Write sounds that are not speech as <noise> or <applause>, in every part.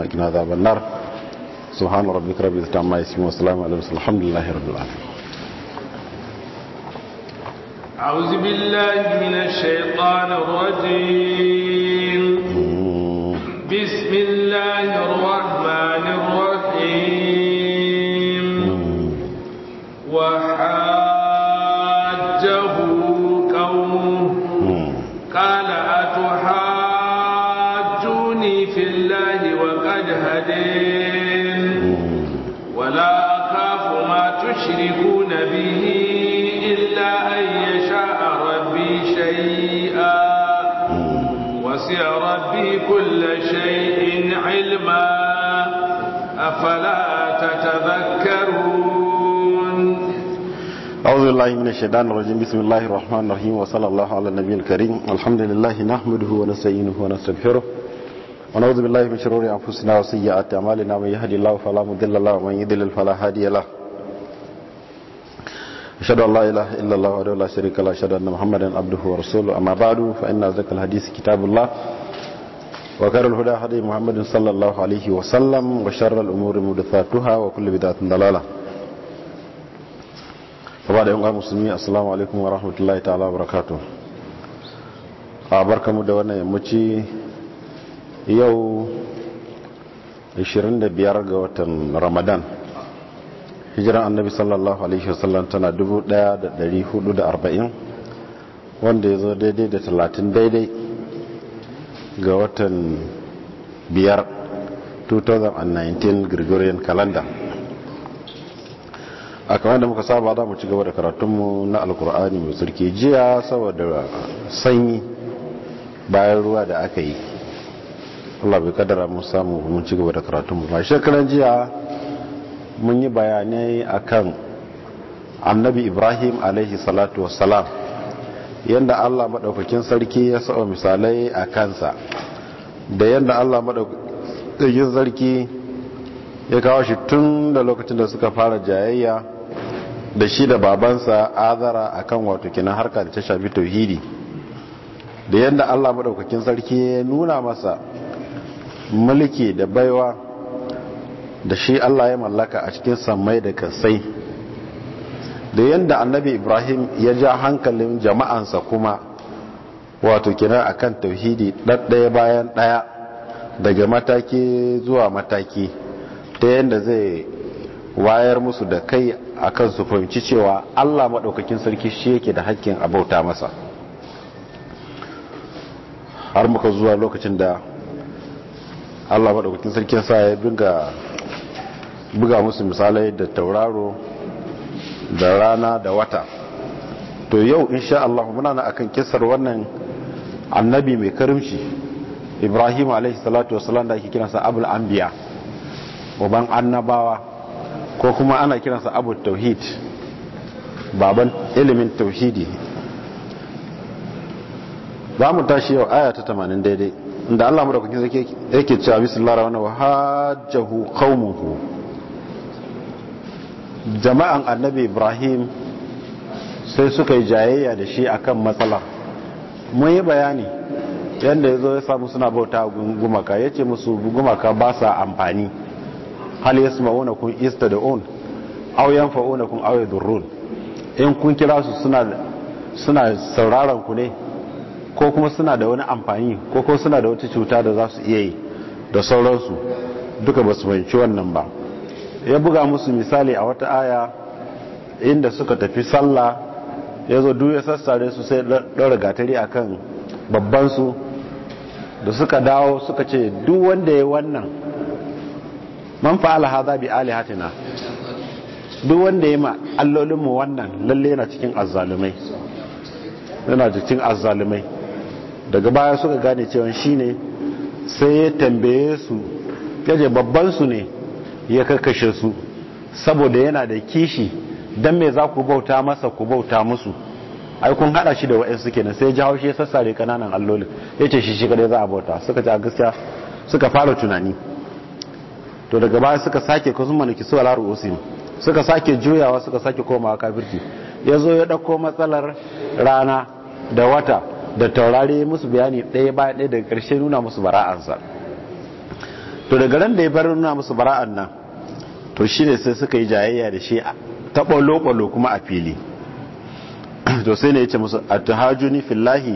وقنا عذاب النار سبحان ربك رب العزة عما يصفون وسلام على المرسلين الحمد لله رب العالمين أعوذ بالله من الشيطان الرجيم بسم الله الرحمن أفلا تتذكرون أعوذ بالله من الشيطان الرجيم بسم الله الرحمن الرحيم وصلى الله على النبي الكريم الحمد لله نحمده ونستعينه ونستغفره ونعوذ بالله من شرور أنفسنا وسيئات أعمالنا من يهدي الله فلا مضل له ومن يضلل فلا هادي له أشهد أن لا إله إلا الله وحده لا شريك له أشهد أن محمدا عبده ورسوله أما بعد فإن أصدق الحديث كتاب الله وخير الهدى هدي محمد صلى الله عليه وسلم وشر الأمور محدثاتها وكل بدعة ضلالة فبعد يوم المسلمين السلام عليكم ورحمة الله تعالى وبركاته أبارك مدونا يمشي يو 25 ga watan Ramadan hijiran annabi sallallahu alaihi wasallam tana 1440 wanda ya zo daidai da 30 daidai ga watan biyar 2019 gregorian calendar a kamar da muka saba za mu ci gaba da karatunmu na alkur'ani mai tsarki jiya saboda sanyi bayan ruwa da aka yi allah bai kadara mun samu mun ci gaba da karatunmu ba shekaran jiya mun yi bayanai a kan annabi ibrahim alaihi salatu salam. yadda Allah maɗaukakin sarki ya sa'o misalai a kansa da yadda Allah maɗaukakin sarki ya kawo shi tun da lokacin da suka fara jayayya da shi da babansa azara a kan wato kinan harka da ta shafi tauhidi da yadda Allah maɗaukakin sarki ya nuna masa mulki da baiwa da shi Allah ya mallaka a cikin samai da kasai da yadda annabi ibrahim ya ja hankalin jama'ansa kuma wato kina akan tauhidi ɗaya bayan ɗaya daga mataki zuwa mataki ta yadda zai wayar musu da kai akan su fahimci cewa allah maɗaukakin sarki shi yake da hakkin abauta masa har muka zuwa lokacin da allah maɗaukakin sarki sa ya buga musu misalai da tauraro da rana da wata to yau insha Allah muna na akan kisar wannan annabi mai karimci Ibrahim alaihi salatu wasallam da ake kiransa Abul Anbiya uban annabawa ko kuma ana kiransa Abu Tauhid baban ilimin tauhidi zamu tashi yau aya ta 80 daidai inda Allah mu da madaukakin yake cewa bismillahir rahmanir rahim wa hajjahu qaumuhu jama'an annabi ibrahim sai suka yi jayayya da shi akan matsala mun yi bayani yadda ya zo ya samu suna bauta gumaka ya ce musu gumaka ba sa amfani hal ya su ma'una kun ista da un auyan fa'una kun auye durrun in kun kira su suna sauraron ku ne ko kuma suna da wani amfani ko kuma suna da wata cuta da za su iya yi da sauransu duka ba su fahimci wannan ba ya buga musu misali a wata aya inda suka tafi sallah ya zo duk ya sassare su sai ɗaura gatari a kan babbansu da suka dawo suka ce duk wanda ya wannan man fa'ala haza bi ali hatina, duk wanda ya ma allolinmu wannan lalle yana cikin azzalumai yana cikin azzalumai daga baya suka gane cewa shine sai ya tambaye su yaje babban su ne ya karkashe su saboda yana da kishi don mai za ku bauta masa ku bauta musu ai kun hada shi da wa'ansu kenan sai jawo shi ya sassare kananan allolin yace shi shi kadai za a bauta suka a gaskiya suka fara tunani to daga baya suka sake kusun maliki su ala ru'usin suka sake juyawa suka sake komawa kafirci ya zo ya dauko matsalar rana da wata da taurari musu bayani ɗaya bayan ɗaya daga ƙarshe nuna musu bara'ansa to daga ran da ya bar nuna musu bara'an nan to shine sai suka yi jayayya da shi ta ɓalo-ɓalo kuma a fili <clears throat> to sai ne ya ce musu a tuhajuni fillahi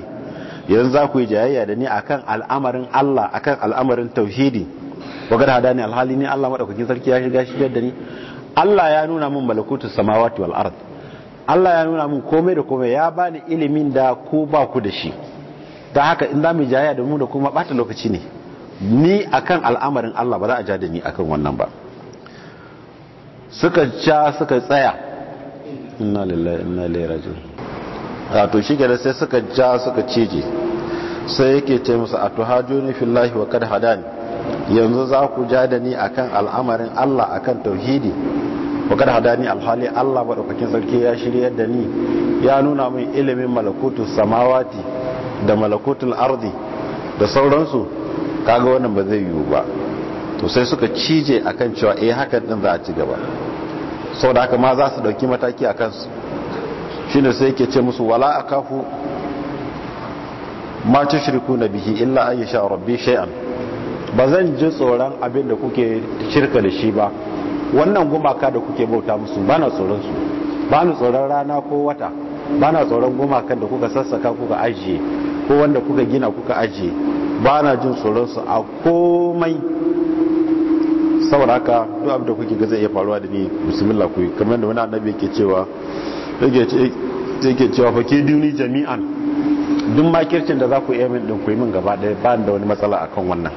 yanzu za ku yi jayayya da ni akan al'amarin Allah akan al'amarin tauhidi wagar hada ne alhali ne Allah madaukakin sarki ya shiga shi da ni Allah ya nuna min malakutu samawati wal ard Allah ya nuna min komai da komai ya bani ilimin da ku ba ku da shi ta haka in za mu jayayya da mu da kuma bata lokaci ne ni akan al'amarin Allah ba za a ja da ni akan wannan ba suka ja suka tsaya inna lillahi inna ilaihi raji'un a to shi sai suka ja suka cije sai yake ce musu atuhajuni fillahi wa kad hadani yanzu za ku ja da ni akan al'amarin Allah akan tauhidi wa kad hadani alhali Allah madaukakin sarki ya shirye da ni ya nuna min ilimin malakutus samawati da malakutul ardi da sauransu kaga wannan ba zai yiwu ba to sai suka cije akan cewa eh haka din za a ci gaba saboda haka ma za su dauki mataki akan su shine sai yake ce musu wala akafu ma na bihi illa an yasha rabbi shay'an ba zan ji tsoron abin da kuke shirka da shi ba wannan gumaka da kuke bauta musu ba na tsoron su ba na tsoron rana ko wata ba na tsoron gumakan da kuka sassaka kuka ajiye ko wanda kuka gina kuka ajiye ba na jin tsoronsu a komai saboda haka duk abin da kuke ga zai iya faruwa da ni bismillah ku kamar da wani annabi yake cewa yake cewa fake duni jami'an duk makircin da za ku iya min ku yi min gaba ɗaya ba da wani matsala akan wannan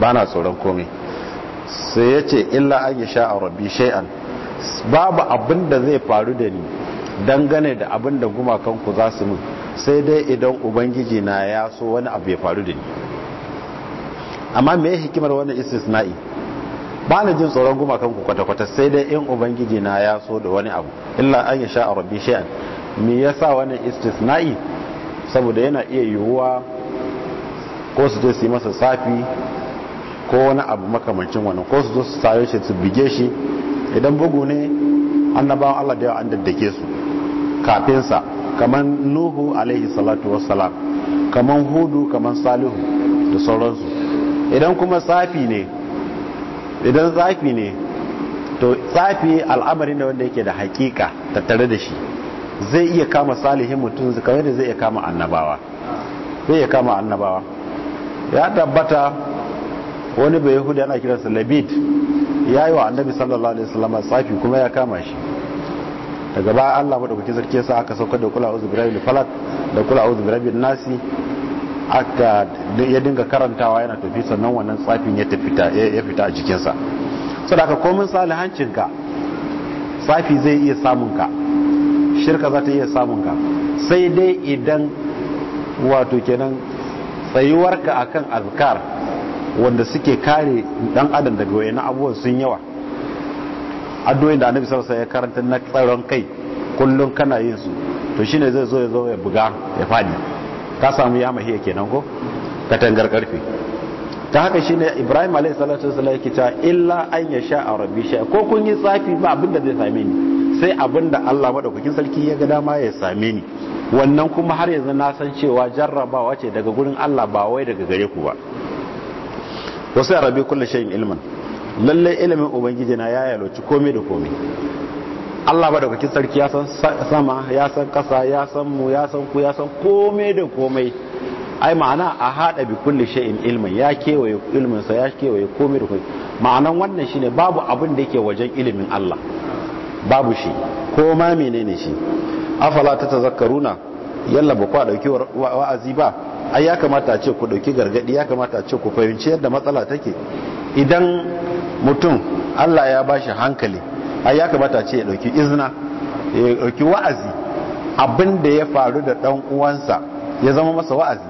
ba na tsoron komai sai ya ce illa an yi sha a rabbi shay'an babu abin da zai faru da ni dangane da abin da ku za su min sai dai idan ubangiji na ya so wani abu ya faru da ni amma me hikimar wannan istisna'i ba na jin tsoron gumakan ku kwata-kwata sai dai in ubangiji na ya so da wani abu illa an ya sha a rabbi shay'an me sa wannan istisna'i saboda yana iya yiwuwa ko su je su yi masa safi ko wani abu makamancin wannan ko su zo su sayo shi su bige shi idan bugu ne annabawan Allah da yawa an daddake su kafinsa sa kaman nuhu alaihi salatu wassalam kaman hudu kaman salihu da sauransu idan kuma tsafi ne idan tsafi ne to tsafi al'amari ne wanda yake da hakika tattare da shi zai iya kama salihin mutum kamar da zai iya kama annabawa zai iya kama annabawa ya tabbata wani bai hudu yana kiransa labid ya yi wa annabi sallallahu alaihi wasallam tsafi kuma ya kama shi daga baya Allah madaukakin sarki sa aka saukar da kula uzu birabil falak da kula uzu birabil nasi hatta ya dinga karantawa yana tafi sannan wannan tsafin ya fita a jikinsa saboda komin salihancinka tsafi zai iya samun ka shirka za ta iya samun sai dai idan wato kenan tsayuwarka akan azkar wanda suke kare dan adam daga wani abubuwan sun yawa addu'o'in da annabi sallallahu alaihi ya karanta na tsaron kai kullum kana yin su to shine zai zo ya zo ya buga ya fadi ka samu ya mahiya kenan ko katangar karfe ta haka shine Ibrahim alaihi salatu wasallam yake ta illa an ya sha a rabbi sha ko kun yi tsafi ba abinda zai same ni sai abinda Allah madaukakin sarki ya ga dama ya same ni wannan kuma har yanzu na san cewa jarrabawa ce daga gurin Allah ba wai daga gare ku ba wasu arabi kullu shay'in ilman lallai ilimin ubangiji na ya yaloci komai da komai Allah ba daukakin sarki ya san sama ya san kasa ya san mu ya san ku ya san komai da komai ai ma'ana a hada bi kulli shay'in ilmin ya kewaye ilmin sa ya kewaye komai da komai ma'anan wannan shine babu abin da yake wajen ilimin Allah babu shi ko ma menene shi afala ta tazakkaruna yalla ba ku dauki wa'azi ba ai ya kamata a ce ku dauki gargadi ya kamata a ce ku fahimci yadda matsala take idan mutum Allah ya bashi hankali ai ya kamata ce ya dauki izina ya dauki wa'azi abin ya faru da dan uwansa ya zama masa wa'azi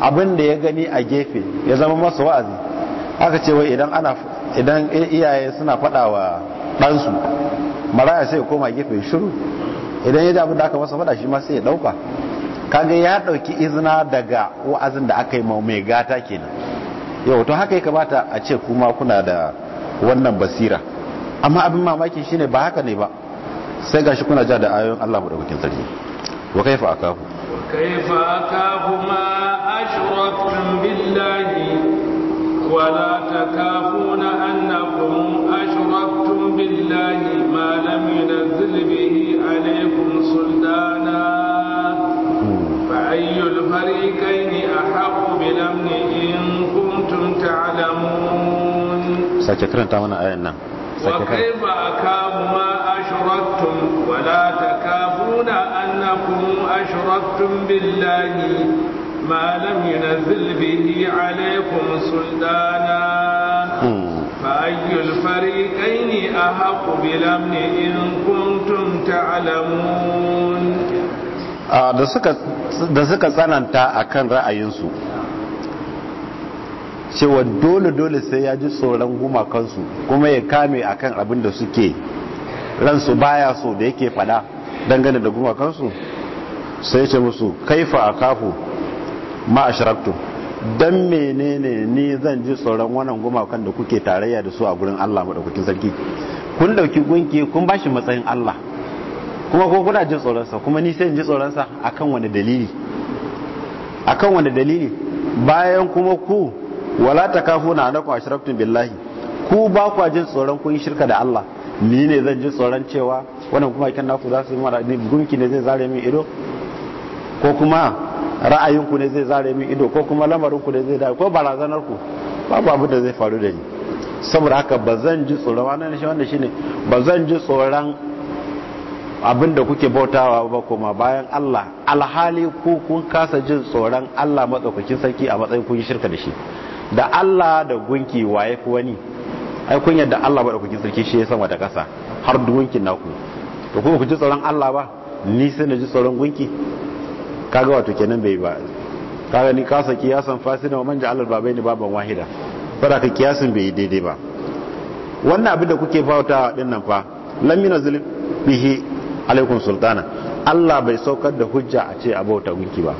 abin ya gani a gefe ya zama masa wa'azi aka ce wai idan ana idan iyaye suna fada wa ɗansu maraya sai ya koma gefe shiru idan ya ji da aka masa faɗa shi ma sai ya ɗauka kaga ya ɗauki izina daga wa'azin da aka yi mai gata kenan yau to haka ya kamata a ce kuma kuna da wannan basira amma abin mamaki shine ba haka ne ba sai gashi kuna ja da ayoyin Allah mu da daukakin sarki wa kaifa akafu wa kaifa akafu ma ashraktum billahi wa la takafuna annakum ashraktum billahi ma lam yunzil bihi alaykum sultana fa ayyul fariqayn ahqqu bil amni in kuntum ta'lamun sake karanta mana ayan nan sake kai وكيف أكام أشركتم ولا تكافون أنكم أشركتم بالله ما لم ينزل به عليكم سلطانا فأي الفريقين أحق بالأمن إن كنتم تعلمون da suka tsananta a kan ra'ayinsu cewa dole dole sai ya ji tsoron gumakansu kuma ya kame akan abin da suke ransu baya so da yake fada dangane da gumakansu sai ce musu kaifa a kafu ma don menene ni zan ji tsoron wannan gumakan da kuke tarayya da su a gurin Allah maɗaukakin sarki kun dauki gunki kun bashi matsayin Allah kuma ko kuna ji tsoronsa kuma ni sai in ji tsoronsa akan wani wani dalili bayan kuma ku wala takafuna anakum ashraktum billahi ku ba kwa jin tsoron kun shirka da Allah ni ne zan ji tsoron cewa wannan kuma ikan naku za su yi mara ni gunki ne zai zare min ido ko kuma ra'ayinku ne zai zare min ido ko kuma lamarinku ne zai dawo ko barazanar ku babu abu da zai faru da ni saboda haka ba zan ji tsoron wannan shi wanda shine ba zan ji tsoron abin da kuke bautawa ba kuma bayan Allah alhali ku kun kasa jin tsoron Allah matsaukakin sarki a matsayin kun shirka da shi da Allah da gunki waye kuwa ni ai kun yadda Allah ba da kuke sarki shi ya sama da kasa har gunkin naku to kuma ku ji tsaron Allah ba ni sai na ji tsaron gunki kaga wato kenan bai ba kaga ni ka saki ya san fasina wa manja Allah babai ni baban wahida fara ka kiyasin bai daidai ba wannan abin da kuke fauta din nan fa lam yunzil bihi alaikum sultana Allah bai saukar da hujja a ce abauta gunki ba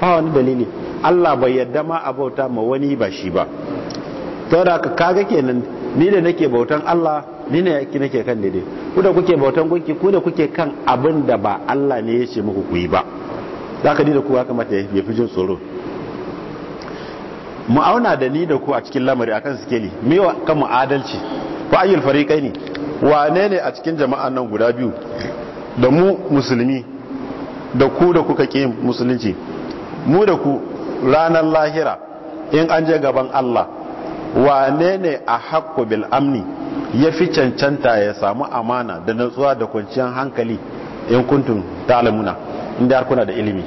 ba wani dalili Allah bai yadda ma a bauta ma wani ba shi ba ta da ka kaga kenan ni da nake bautan Allah ni ne yake nake kan daidai ku kuke bautan gunki ku kuke kan abin da ba Allah ne ya ce muku ku yi ba za ka ni da ku ya kamata ya fi jin tsoro mu auna da ni da ku a cikin lamari akan sikeli me wa kan adalci fa ayyul fariqaini wane ne a cikin jama'an nan guda biyu da mu musulmi da ku da kuka ke musulunci mu da ku ranar lahira in an je gaban Allah wane ne a haƙƙo bil amni ya fi cancanta ya samu amana da natsuwa da kwanciyar hankali in kuntun ta'lamuna inda kuna da ilimi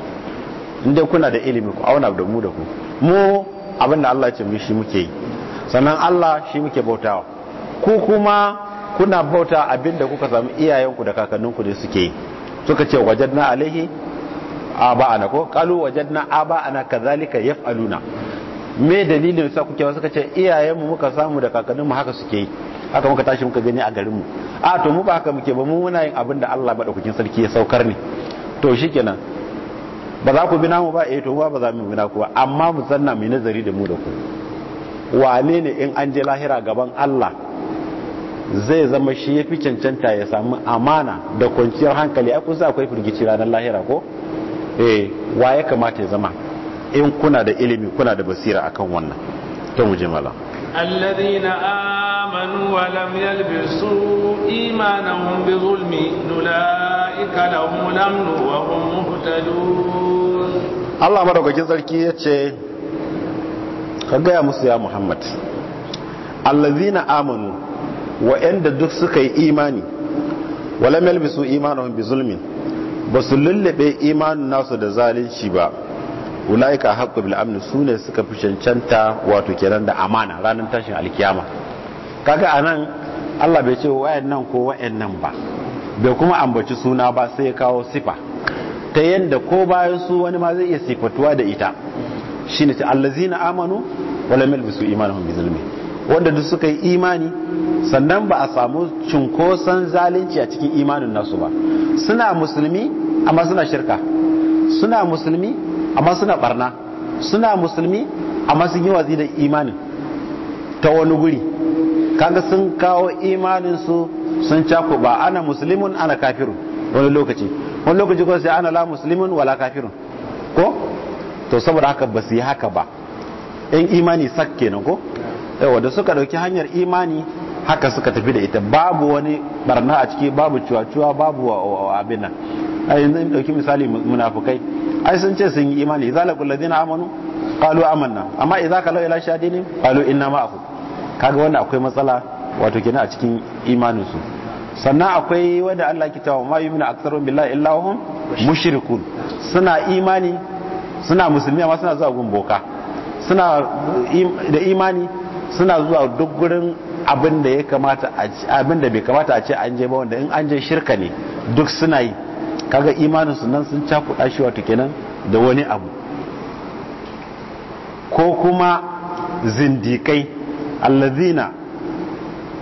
inda kuna da ilimi ku auna da mu da ku mu abinda Allah ce muke yi sannan Allah shi muke bautawa ku kuma kuna bauta abinda kuka samu iyayenku da kakanninku da suke yi suka ce wajen na alaihi aba'ana ko qalu wajadna aba'ana kadhalika yaf'aluna me dalilin sa kuke wasu kace iyayenmu muka samu da mu haka suke yi haka muka tashi muka gani a garinmu a to mu ba haka muke ba mu muna yin abin da Allah kukin sarki ya saukar ne to shikenan ba za ku bi namu ba eh to ba za mu bi ku ba amma mu sanna mu nazari da mu da ku wane ne in an je lahira gaban Allah zai zama shi ya fi cancanta ya samu amana da kwanciyar hankali ai kusa akwai firgici ranar lahira ko eh wa ya kamata ya zama in kuna da ilimi kuna da basira akan wannan ta mu jimala alladhina amanu wa lam yalbisu imanahum bi zulmi nulaika lahum amnu wa hum muhtadun Allah madaukakin sarki yace ka gaya musu ya Muhammad alladhina amanu wa inda duk suka yi imani wa lam yalbisu imanahum bi zulmin ba su lullube imanin nasu da zalunci ba ulaika haqqu bil amn ne suka fi cancanta wato kenan da amana ranar tashin alkiyama kaga anan Allah bai ce wayannan ko wayannan ba bai kuma ambaci suna ba sai ya kawo sifa ta yadda ko bayan su wani ma zai iya sifatuwa da ita shine ta allazina amanu wala yalbisu imanuhum bi zulmi wanda duk suka yi imani sannan ba a samu cunkoson zalunci a cikin imanin nasu ba suna musulmi amma suna shirka suna musulmi amma suna barna suna musulmi amma sun yi watsi da imanin ta wani guri kaga sun kawo imanin su sun cako ba ana musulmin ana kafirun wani lokaci wani lokaci kuma sai ana la musulmin wala kafirun ko to saboda haka ba su yi haka ba in imani sak kenan ko yawa da suka dauki hanyar imani haka suka tafi da ita babu wani barna a ciki babu cuwa-cuwa babu uh, uh, abin nan a yanzu in dauki misali munafukai ai sun ce sun yi imani idza laqul ladina amanu qalu amanna amma idza kalau ila shadinin qalu inna ma'akum kaga wannan akwai matsala wato kenan a cikin imanin su sannan akwai wanda Allah ke cewa ma yu'minu aktsaruhum billahi illa hum mushrikun suna imani suna musulmi amma suna zuwa gun boka suna da imani suna zuwa duk gurin abin da ya kamata abin da bai kamata a ce an je ba wanda in an je shirka ne duk suna yi kaga imanin su nan sun cakuɗa shi wato kenan da wani abu ko kuma zindikai allazina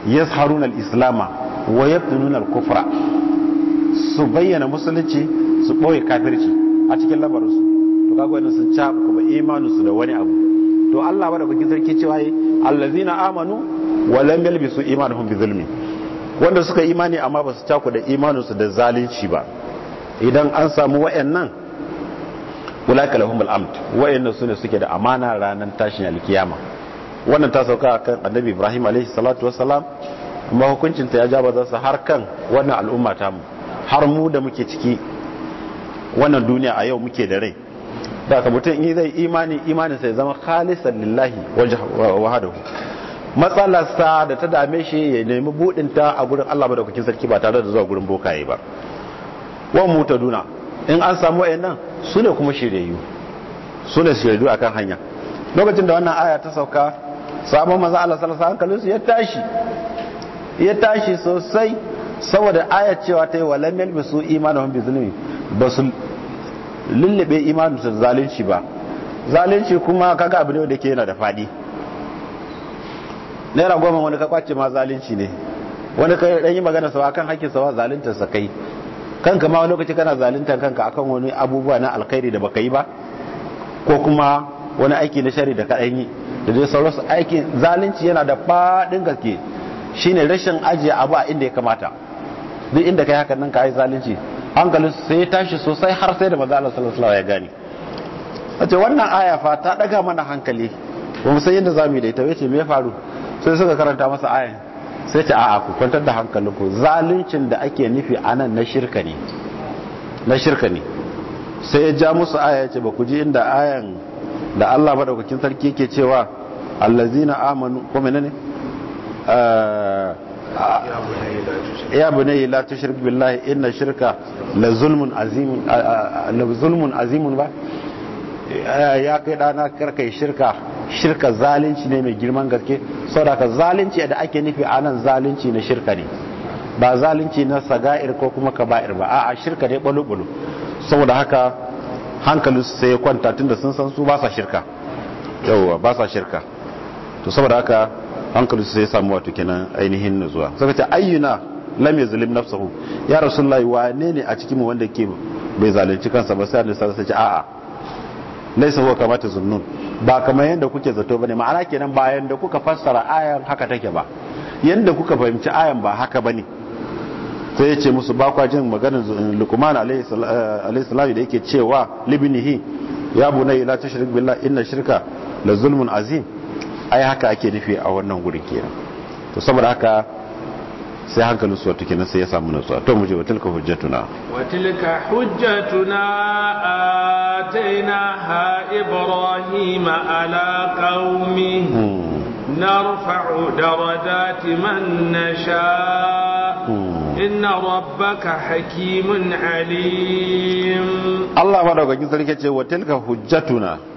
yasharun alislama islama wa yabtununa alkufra su bayyana musulunci su ɓoye kafirci a cikin labarinsu to kaga wannan sun ca imanin imaninsu da wani abu to Allah ba da kuke sarki cewa yi allazina amanu wa lam yalbisu imanuhum bi zulmi wanda suka imani amma ba su imaninsu da zalunci ba idan an samu wayannan ulaka lahum al-amd wayannan sune suke da amana ranar tashin alkiyama wannan ta sauka kan annabi Ibrahim alaihi salatu wassalam amma hukuncin ta ya ja za su har kan wannan al'umma ta mu har mu da muke ciki wannan duniya a yau muke da rai da ka mutum in zai imani imanin sai zama khalisar lillahi wahdahu matsalarsa da ta dame shi ya nemi budinta ta a gurin Allah madaukakin sarki ba tare da zuwa gurin bokaye ba wani wa duna in an samu wa'in nan su ne kuma shiryayyu su ne shiryayyu akan hanya lokacin da wannan aya ta sauka sabon maza Allah sallallahu alaihi ya tashi ya tashi sosai saboda aya cewa ta yi wa lam yalbisu imanuhum bi zulmi ba su lullube imanin da zalunci ba zalunci kuma kaga abu ne da ke yana da faɗi naira goma wani ka kwace ma zalunci ne wani ka dan yi magana sawa kan hakkin sawa zalunta sa kai kanka ma wani lokaci kana zaluntar kanka akan wani abubuwa na alkhairi da baka yi ba ko kuma wani aiki na shari da ka dan yi da dai sauransu aikin zalunci yana da fadin gaske shine rashin ajiye abu a inda ya kamata duk inda kai hakan nan ka yi zalunci hankalin su sai ya tashi sosai har sai da manzo Allah ya gani ya gane ce wannan aya fa ta daga mana hankali ba mu yadda za mu yi da ita wace me faru sai suka karanta masa ayan sai ce a'a ku kwantar da ku zaluncin da ake nufi anan na shirka ne na shirka ne sai ya ja musu aya ya ce ba ku ji inda ayan da Allah madaukakin sarki yake cewa allazina amanu ko menene ne. Eh, ya bunayya la tushrik billahi inna shirka la zulmun azimun ba ya kai dana karkai shirka shirka zalunci ne mai girman gaske saboda zalunci da ake nufi a nan zalunci na shirka ne ba zalunci na saga'ir ko kuma kaba'ir ba a'a shirka ne bulu-bulu saboda haka hankali sai ya kwanta tunda sun san su ba sa shirka yauwa ba sa shirka to saboda haka hankali su sai samu wato kenan ainihin nutsuwa saka ce ayyuna lam yazlim nafsuhu ya rasulullahi wane ne a cikin mu wanda ke bai zalunci kansa ba sai Allah sai ce a'a laysa huwa kama tazunnun ba kamar yanda kuke zato bane ma'ana kenan ba yanda kuka fassara ayan haka take ba yanda kuka fahimci ayan ba haka bane sai yace musu ba kwa jin maganar lukman salatu da yake cewa libnihi ya bunai la tushrik billahi inna shirka la zulmun azim ai haka ake nufi a wannan gurin kenan to saboda haka sai hankalin su wato kenan sai ya samu nutsuwa to muje tilka hujjatuna Wa tilka hujjatuna ha Ibrahim ala qaumi hmm. narfa'u darajati man nasha hmm. inna rabbaka hakimun alim Allah madaukakin sarki ce wa tilka hujjatuna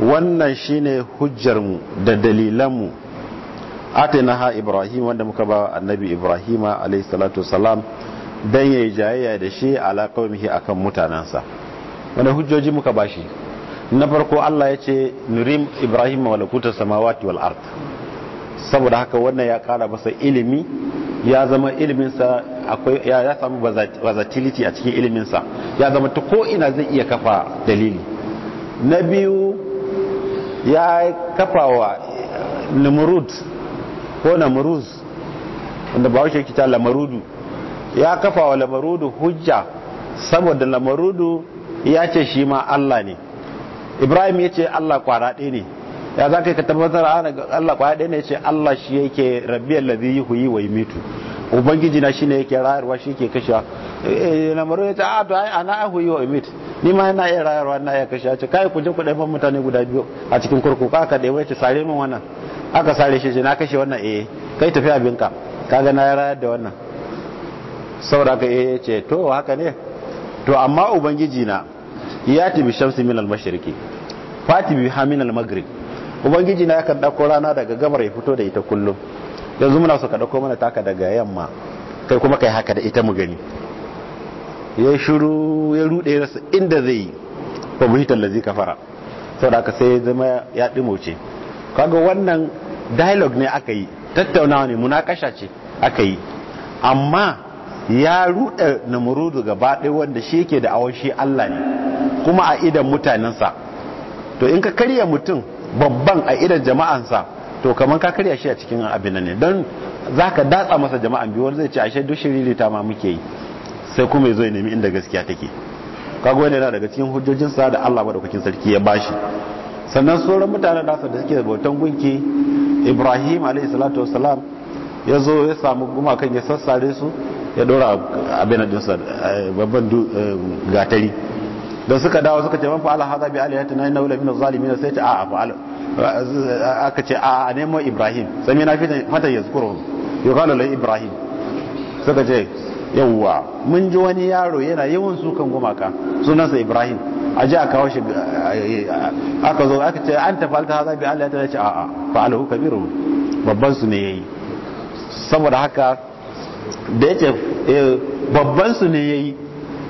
wannan shine hujjarmu da dalilanmu ha ibrahim wanda muka ba annabi ibrahim alayhi salatu wasalam dan yayi jayayya da shi ala qaumihi akan mutanensa. wanda hujjoji muka shi na farko Allah ya ce nurim ibrahim malakuta samawati wal ard saboda haka wannan ya kara masa ilimi ya zama iliminsa akwai ya samu versatility a cikin iliminsa ya zama ta ko ina zai iya kafa dalili na biyu ya kafa wa nimrud ko namruz wanda ba wuce kita lamarudu ya kafa wa lamarudu hujja saboda lamarudu ya ce shi ma Allah ne ibrahim ya ce Allah kwara ne ya za ka yi ka tabbatar Allah kwaraɗe ɗaya ne ce Allah shi yake rabbi yi huyi wa mitu ubangiji na ne yake rayarwa shi yake kashewa Eh, lamaru ya ce a ah, to ai ana ahu yi wa imit ni ma yana iya rayarwa na iya kashe ce kai ku je ku ɗaya mutane guda biyu a cikin kurkuku aka ɗaiwa ce sare min wannan aka sare shi na kashe wannan eh kai tafi abinka kaga na rayar da wannan saboda ka eh ce to haka ne to amma ubangiji na ya tibi shamsi min al-mashriqi fati bi min al-maghrib ubangiji na yakan dauko rana daga gabar ya fito da ita kullum yanzu muna so ka dauko mana taka daga yamma kai kuma kai haka da ita mu gani ya shiru ya rude rasa inda zai yi ba mu hitar lazi kafara saboda aka sai zama ya dimoce kaga wannan dialogue ne aka yi tattaunawa ne kasha ce aka yi amma ya rude namurudu gaba ɗaya wanda shi yake da awon shi Allah ne kuma a idan mutanensa to in ka karya mutum babban a idan jama'ansa to kamar ka karya shi a cikin abin ne don za ka datsa masa jama'an biyu wani zai ce a shaidu shiriri ta ma muke yi sai kuma yazo ya nemi inda gaskiya take kaga ne yana daga cikin hujjojin sa da Allah madaukakin sarki ya bashi sannan sauran mutanen nasa da suke bautan gunki Ibrahim alayhi salatu wassalam ya zo ya samu gumakan ya sassare su ya dora abin din sa eh, babban eh, gatari da suka dawo suka ce man Allah hadha bi alihatina inna la min zalimin sai ta a'a fa aka ce a nemo Ibrahim sai na fata yazkuru yuqalu la Ibrahim suka ce yawwa mun ji wani yaro yana yawan sukan gumaka sunansa ibrahim a ji a kawo shi aka zo aka ce an tafi alta haza bi allah ta ce a'a fa'alahu alahu kabiru babban su ne yayi saboda haka da ce eh, babban su ne yayi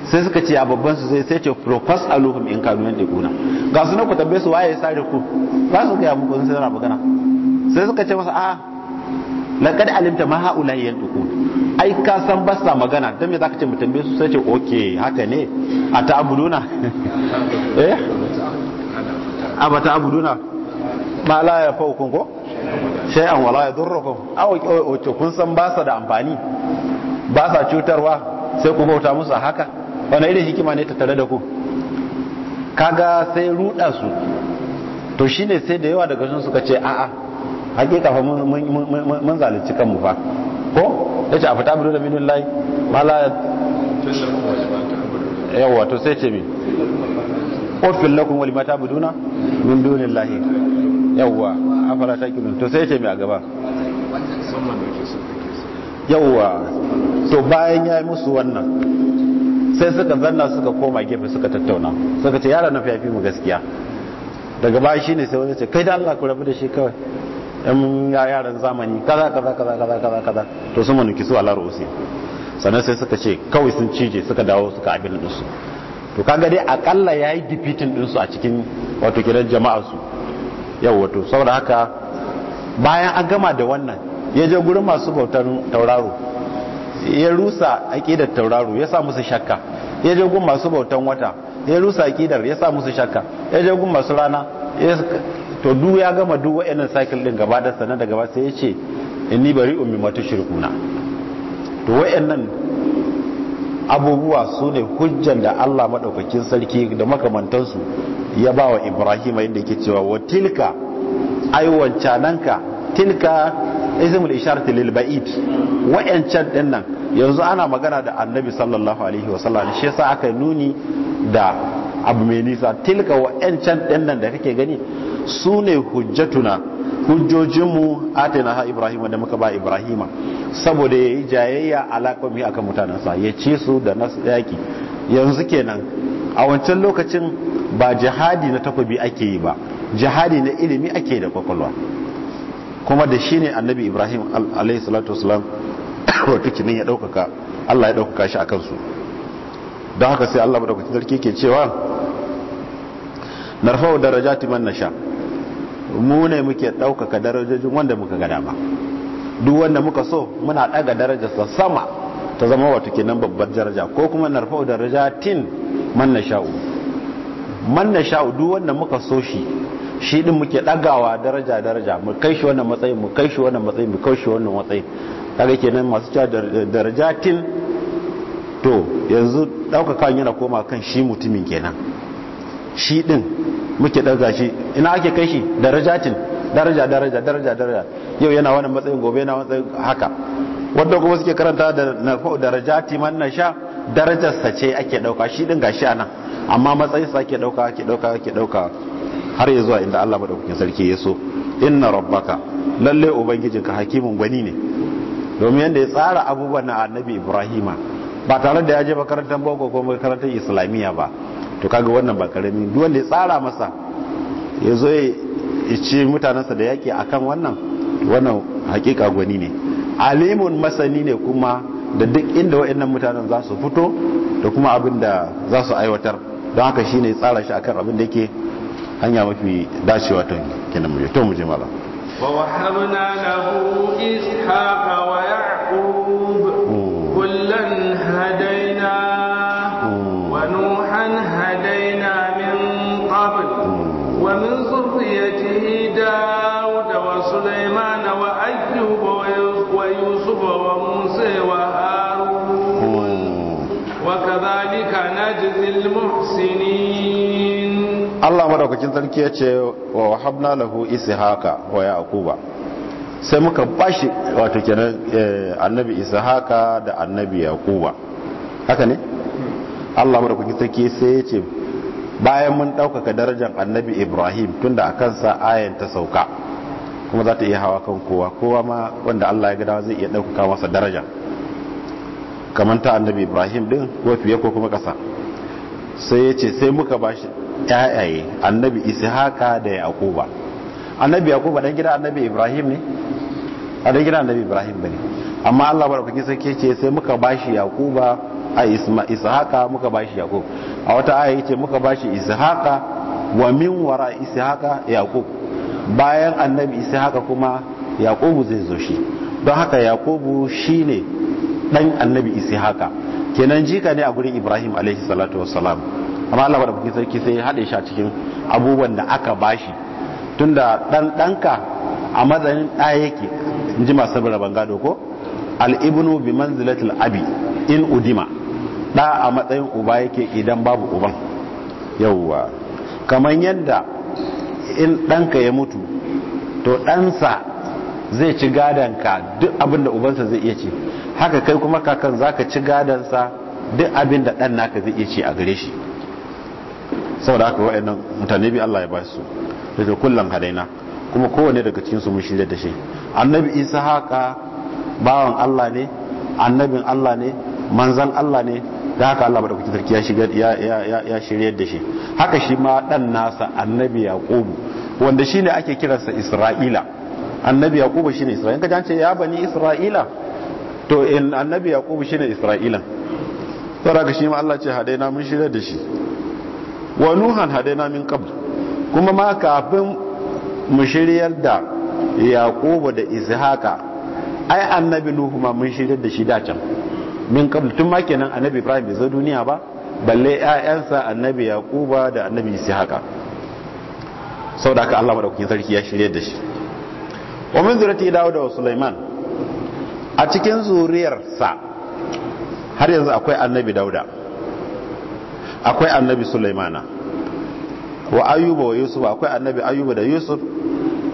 sai suka ce a babban su sai sai ce profas aluhum in kanu yan diguna ga su na ku tambaye su waye sare ku ba su kai abun sai na magana sai suka ce masa a. kada alimta ma haula tuku ai ka san ba sa magana dan me zaka ce mu tambaye su sai ce okay haka ne a ta'buduna <laughs> eh a ba ta'buduna ma la ya faukun ko an wala yadurrukum aw to kun san ba sa da amfani ba sa cutarwa sai ku bauta musu haka wannan irin hikima ne ta tare da ku kaga sai ruda su to shine sai da yawa daga sun suka ce a'a hakika fa mun zalunci kanmu fa ko yace a fita bidu da bidun lai ma la yawa to sai ce mi ofin lakum walima mata buduna min dunin lahi yawa afala ta kinun to sai ce mi a gaba yawa to bayan ya yi musu wannan sai suka zanna suka koma gefe suka tattauna suka ce yara na fi mu gaskiya daga baya shine sai wani ce kai da Allah ku rabu da shi kawai ya yaran zamani kaza kaza kaza kaza kaza kaza to sun manuki su ala rusi sannan sai suka ce kawai sun cije suka dawo suka abin din su to kaga dai akalla yayi defeating din su a cikin wato gidan jama'ar su yau wato saboda haka bayan an gama da wannan ya je gurin masu bautar tauraro ya rusa aqidar tauraro ya sa musu shakka ya je gurin masu bautan wata ya rusa aqidar ya sa musu shakka ya je gurin masu rana to duk ya gama duk wa'annan cycle din gaba da sanan da sai ya ce inni bari ummi mata shirkuna to wa'annan abubuwa su ne hujjan da Allah madaukakin sarki da makamantansu ya ba wa Ibrahim yadda yake cewa wa tilka ay wancananka tilka ismul isharati lil ba'id wa'ancan din nan yanzu ana magana da annabi sallallahu alaihi wasallam shi yasa aka nuni da abu mai nisa tilka wa can ɗan nan da kake gani su ne hujjatuna hujjojinmu a na ha ibrahim wanda muka ba ibrahima saboda ya yi jayayya alaƙomi akan mutanensa ya ci su da nasu yaƙi yanzu kenan a wancan lokacin ba jihadi na takobi ake yi ba jihadi na ilimi ake da kwakwalwa kuma da shi ne annabi ibrahim alaihi salatu wasalam <coughs> wato kinin ya ɗaukaka allah ya ɗaukaka shi a kansu don haka sai allah maɗaukacin sarki ke cewa narfa'u darajati man nasha mu ne muke ɗaukaka darajojin wanda muka ga dama duk wanda muka so muna ɗaga sa sama ta zama wato kenan babbar daraja ko kuma narfa'u darajatin man nasha'u man nasha'u duk wanda muka so shi shi din muke ɗagawa daraja daraja mu kai shi wannan matsayi mu kai shi wannan matsayi mu kai shi wannan matsayi kaga kenan masu cha darajatin to yanzu daukaka yana koma kan shi mutumin kenan shi din muke daga shi ina ake kai shi darajatin daraja daraja daraja daraja yau yana wani matsayin gobe yana matsayin haka wanda kuma suke karanta da na narfa daraja man nasha darajar sa ce ake dauka shi din gashi anan amma matsayin sa ake dauka ake dauka ake dauka har ya zuwa inda Allah madaukakin sarki ya so inna rabbaka lalle ubangijinka hakimin gwani ne domin yadda ya tsara abubuwan na annabi ibrahima ba tare da ya je makarantar boko ko makarantar islamiyya ba to kaga wannan ba karami duk wanda ya tsara masa ya zo ya ce mutanensa da yake akan wannan wannan hakika gwani ne alimun masani ne kuma da duk inda waɗannan mutanen za su fito da kuma abin da za su aiwatar don haka shi ne tsara shi akan abin da yake hanya mafi dacewa ta kinan mu je to mu je wa wahabna lahu ishaqa wa yaqub Allah madaukakin sarki ya ce wa wahabna lahu ishaqa wa yaquba sai muka bashi wato kenan eh, annabi ishaqa da annabi yaquba haka ne Allah madaukakin sarki sai ya ce bayan mun daukaka darajar annabi Ibrahim tunda akan sa ayan ta sauka kuma za ta iya hawa kan kowa kowa ma wanda Allah ya gada zai iya daukaka masa daraja kamar ta annabi Ibrahim din ko fiye ko kuma kasa sai ya ce sai muka bashi yayaye annabi ishaqa da yaquba annabi yaquba dan gida annabi ibrahim ne a dan gida annabi ibrahim bane amma Allah barkake sarki ce sai muka bashi yaquba a isma ishaqa muka bashi yaqub a wata aya yace muka bashi ishaqa wa min wara ishaqa yaqub bayan annabi ishaqa kuma yaqubu zai zo shi don haka yaqubu shine dan annabi ishaqa kenan jika ne a gurin ibrahim alaihi salatu wassalam amma Allah bukin sarki sai ya sha shi a cikin abubuwan da aka ba shi tunda da ɗanɗanka a matsayin ɗaya yake in ji masu rabon gado ko al-ibnu bi manzilatul abi in udima ɗa a matsayin uba yake idan babu uban yauwa kamar yadda in ɗanka ya mutu to ɗansa zai ci gadanka duk abin da ubansa zai iya ci haka kai kuma kakan zaka ci gadansa duk abin da ɗan naka zai iya ci a gare shi saboda haka wa'annan mutane bi Allah ya ba su daga kullum hadaina kuma kowane daga cikin su mun shirya da shi annabi isa haka bawan Allah ne annabin Allah ne manzan Allah ne da haka Allah kuke sarki ya shiga ya shirya da shi haka shi ma dan nasa annabi yaqubu wanda shine ake kiransa isra'ila annabi yaqubu shine isra'ila kaje an ce ya bani isra'ila to in annabi yaqubu shine isra'ilan saboda shi ma Allah ce hadaina mun shirya da shi wa nuhan hadaina min qabl kuma ma kafin mu shiryar da yaqubu da ishaqa ai annabi nuhu ma mun shiryar da shi da can min qabl tun ma kenan annabi ibrahim bai zo duniya ba balle ƴaƴansa annabi yaquba da annabi ishaqa saboda haka Allah madaukakin sarki ya shiryar da shi wa min zurati dawuda wa sulaiman a cikin zuriyarsa har yanzu akwai annabi dauda akwai annabi sulaimana wa ayuba wa yusuf akwai annabi ayuba da yusuf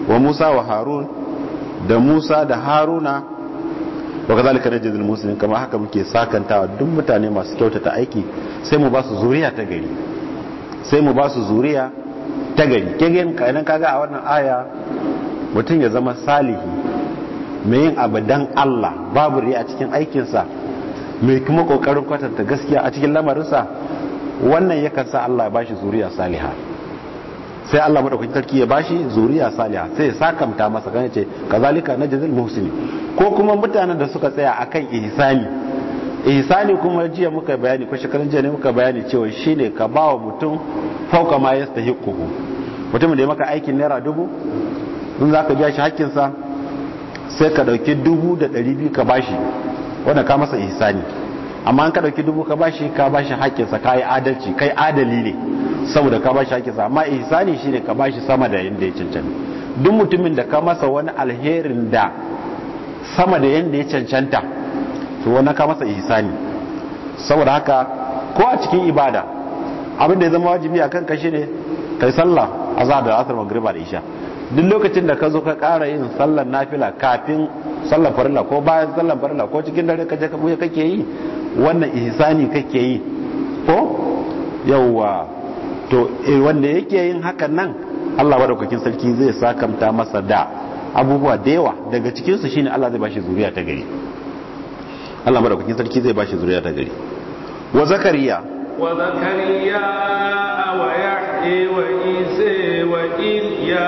wa musa wa harun da musa da haruna wa kazalika najid al kamar haka muke sakantawa duk mutane masu kyautata aiki sai mu ba su zuriya ta gari sai mu ba su zuriya ta gari kegen idan kaga a wannan aya mutum ya zama salihi mai yin abu dan Allah babu riya a cikin aikinsa mai kuma kokarin kwatanta gaskiya a cikin lamarinsa wannan yakan sa Allah ya bashi zuriya saliha sai Allah madaukakin sarki ya bashi zuriya saliha sai ya sakamta masa kan yace kazalika najzil muhsin ko kuma mutanen da suka tsaya akan ihsani ihsani kuma jiya muka bayani ko shekarun jiya ne muka bayani cewa shine ka bawa mutum fauka ma yastahiqu mutum da ya maka aikin naira dubu in za biya shi hakkinsa sai ka ɗauki dubu da ɗari biyu ka bashi wanda ka masa ihsani amma an ka ɗauki dubu ka bashi ka bashi haƙƙin sa kai adalci kai adali ne saboda ka bashi haƙƙin sa amma ihsani shine ka bashi sama da yanda ya cancanta duk mutumin da ka masa wani alherin da sama da yanda ya cancanta to wani ka masa ihsani saboda haka ko a cikin ibada abin da ya zama wajibi akan ka shine kai sallah azhar da asar magriba da isha duk lokacin da ka zo ka ƙara yin sallar nafila kafin sallar farilla ko bayan sallar farilla ko cikin dare ka je ka buya kake yi wannan ihsani kake yi ko yawwa to eh, wanda yake yin hakan nan Allah madaukakin sarki zai sakamta masa da abubuwa da yawa daga cikin su shine Allah zai bashi zuriya ta gari Allah madaukakin sarki zai bashi zuriya ta gari wa zakariya wa zakariya wa yahya wa isa wa ilya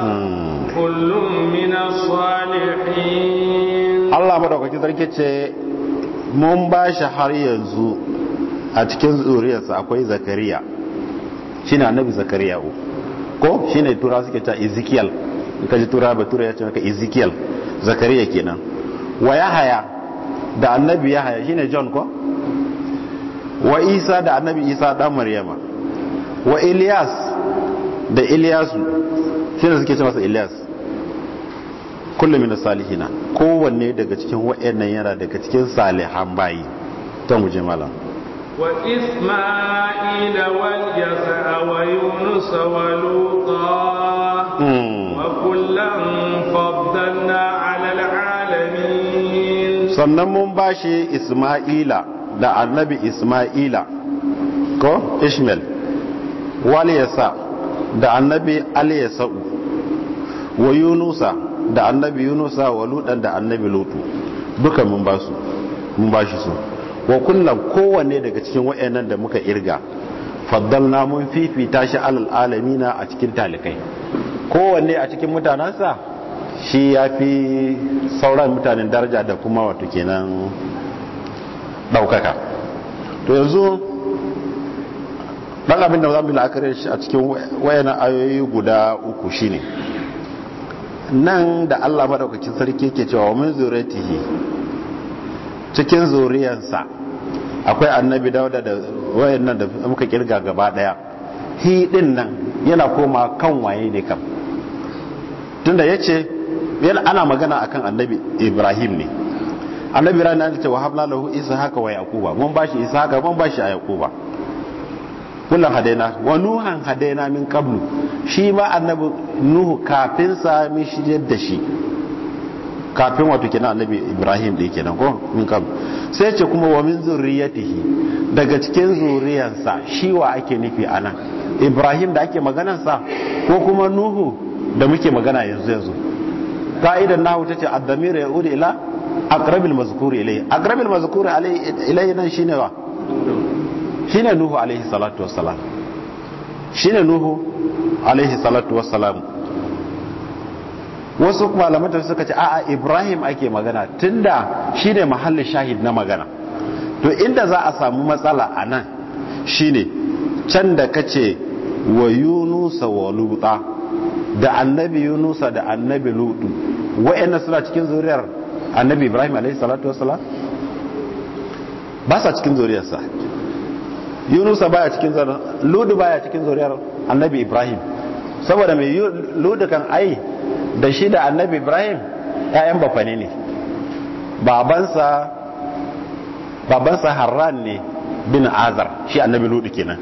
hmm. kullum min as-salihin Allah madaukakin sarki ce mun ba shi har yanzu a cikin zuriyarsa akwai zakariya shi na annabi zakariya ko shi ne tura suke ta ezekiel ka ji tura tura ya ce maka ezekiel zakariya kenan wa haya da annabi yahaya shi ne john ko wa isa da annabi isa dan maryama wa ilyas da ilyasu shi ne suke ce masa ilyas kullum min salihina kowanne daga cikin wa'annan yana daga cikin salihan bayi ta muje malam wa isma'ila wal yasa wa yunus wa luqa hmm. wa kullam faddalna ala alamin sannan mun bashi isma'ila da annabi isma'ila ko Ismail wal yasa da annabi al yasa'u wa yunusa da annabi yunusa wa ludan da annabi lutu duka mun ba su mun ba shi su wa kullum kowanne daga cikin wayannan da muka irga faddalna mun fifita shi alal alamina a cikin talikai kowanne a cikin mutanansa shi ya fi sauran mutanen daraja da kuma wato kenan daukaka to yanzu dan abin da za mu la'akari a cikin wayannan ayoyi guda uku shine nan da Allah madaukakin sarki ke cewa mun zuriyatihi cikin zuriyansa akwai annabi dauda da wayannan da muka kirga gaba daya hi din nan yana koma kan waye ne kam tunda yace yana ana magana akan annabi Ibrahim ne annabi Ibrahim ya ce wa habla lahu ishaqa wa yaquba mun bashi ishaqa mun bashi yaquba kullum hadaina wa nuhan hadaina min qablu shi ma annabi nuhu kafin sa min shiryar da shi kafin wato kenan annabi ibrahim da nan ko min kam sai ce kuma wa min zurriyatihi daga cikin zuriyansa shi wa ake nufi anan ibrahim da ake maganarsa ko kuma nuhu da muke magana yanzu yanzu ka'idar nahu tace ad-damir ya'udu ila aqrabil mazkuri ilayhi aqrabil mazkuri ilayhi nan shine wa shine nuhu alaihi salatu wassalam shine nuhu alaihi salatu wassalam wasu kuma da suka ce a'a ibrahim ake magana tunda shine mahallin shahid na magana to inda za a samu matsala a nan shine can da kace wa yunusa wa luta da annabi yunusa da annabi lutu wa'annan suna cikin zuriyar annabi ibrahim alaihi salatu wassalam ba sa cikin zuriyarsa yunusa baya cikin zuriyar ludu baya cikin zuriyar annabi ibrahim saboda mai ludu kan ai da shi da annabi ibrahim ƴaƴan bafane ne babansa babansa harran ne bin azar shi annabi ludu kenan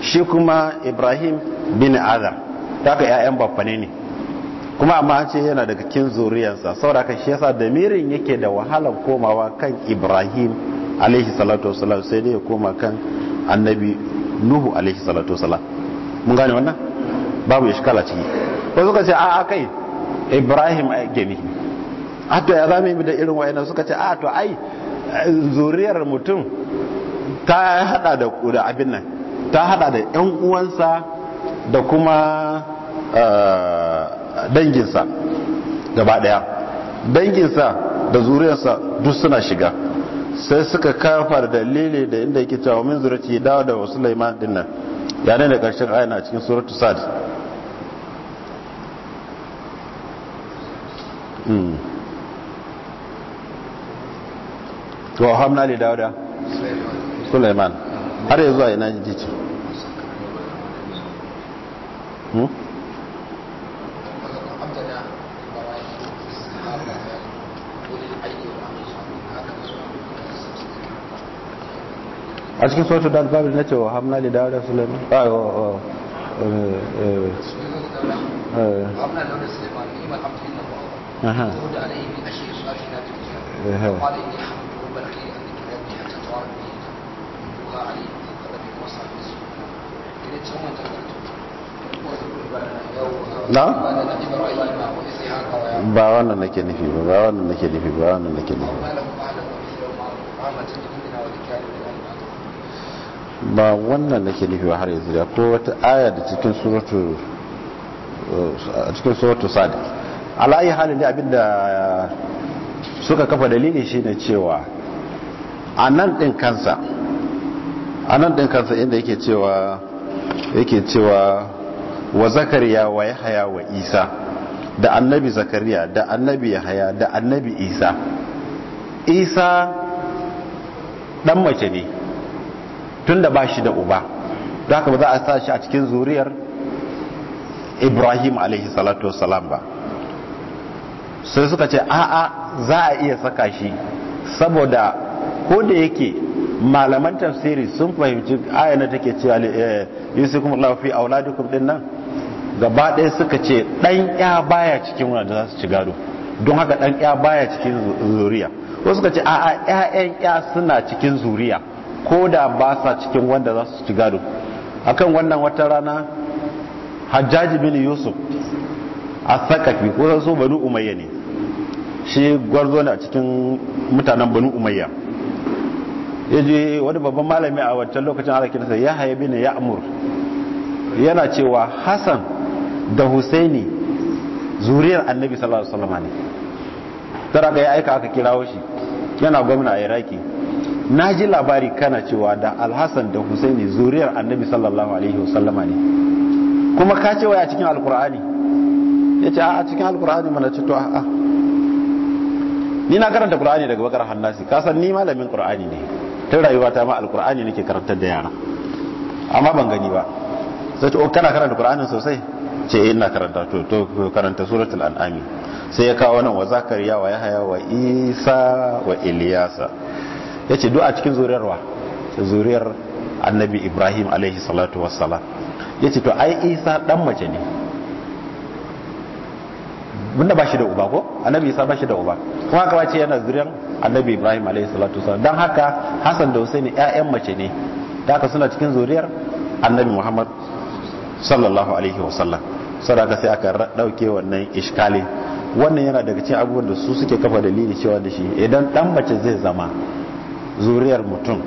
shi kuma ibrahim bin azar ta ka ƴaƴan bafane ne kuma amma an ce yana daga cikin zuriyarsa saboda ka shi yasa damirin yake da wahalar komawa kan ibrahim alaihi salatu wasalam sai dai ya koma kan annabi nuhu alaihi salatu wasalam mun gane wannan babu iskala ciki ko suka ce a'a kai ibrahim ake ne hatta ya zame mu da irin wayannan suka ce a to ai zuriyar mutum ta hada da kuda abin nan ta hada da yan uwansa da kuma eh, danginsa gaba daya danginsa da zuriyarsa duk suna shiga sai suka kafar dalili da inda yake cewa min zurati dawo da Sulaiman din nan ya ne da karshen ayan a cikin suratul sad wa hmm. hamna li dawuda Sulaiman har yanzu a ina ji ce hmm? a cikin sautu da albabil na cewa hamna li dawo da suleiman a yi wa na? ba wannan nake nufi ba ba wannan nake nufi ba wannan nake nufi ba wannan nake nufi ba har yanzu da ko wata aya da cikin suratu a cikin suratu sadi ala'ayi halin da abinda suka kafa dalili shine cewa a nan ɗin kansa inda yake cewa yake cewa wa zakariya wa yahaya wa isa da annabi zakariya da annabi yahaya da annabi isa isa dan mace ne tunda ba shi da uba da haka ba za a sa shi a cikin zuriyar ibrahim alaihi salatu ba sai suka ce a'a za a iya saka shi saboda ko da yake malaman tafsiri sun fahimci ayana take cewa eh, yusufu Allah fi kuma din nan gaba ɗaya suka ce ɗan ya baya cikin wanda za su ci gado don haka ɗan ya baya cikin zuriya ko suka ce a'a ƴaƴan ya suna cikin zuriya ko da ba sa cikin wanda za su ci gado akan wannan wata rana hajjaji bin yusuf a sakafi ko so banu umayya ne shi gwarzo ne a cikin mutanen banu umayya ya je wani babban malami a wancan lokacin alakin kiransa ya haye bin ya amur yana cewa hassan da husaini zuriyar annabi sallallahu alaihi ne tara ga ya aika aka kirawo shi yana gwamna a iraki na ji labari kana cewa da alhassan da husaini zuriyar annabi sallallahu alaihi wasallama ne kuma ka ce wai cikin alkur'ani ya ce a cikin alkur'ani mana ce to a'a ni na karanta qur'ani daga bakar hannasi ka san ni malamin qur'ani ne tun rayuwa ta ma alkur'ani nake karantar da yara amma ban gani ba sai ce oh, kana karanta qur'anin sosai ce eh, ina karanta to to karanta suratul an'ami sai ya kawo nan wa zakariya wa yahaya wa isa wa iliyasa ya ce duk a cikin zuriyarwa zuriyar annabi ibrahim alaihi salatu wassalam ya ce to ai isa dan mace ne bunda ba shi da uba ko annabi isa ba shi da uba kuma haka ce yana zuriyar annabi ibrahim alaihi salatu wassalam don haka hasan da husaini ƴaƴan mace ne da haka suna cikin zuriyar annabi muhammad sallallahu alaihi wasallam ka sai aka dauke wannan iskali wannan yana daga cikin abubuwan da su suke kafa dalili cewa da shi idan dan mace zai zama zuriyar mutum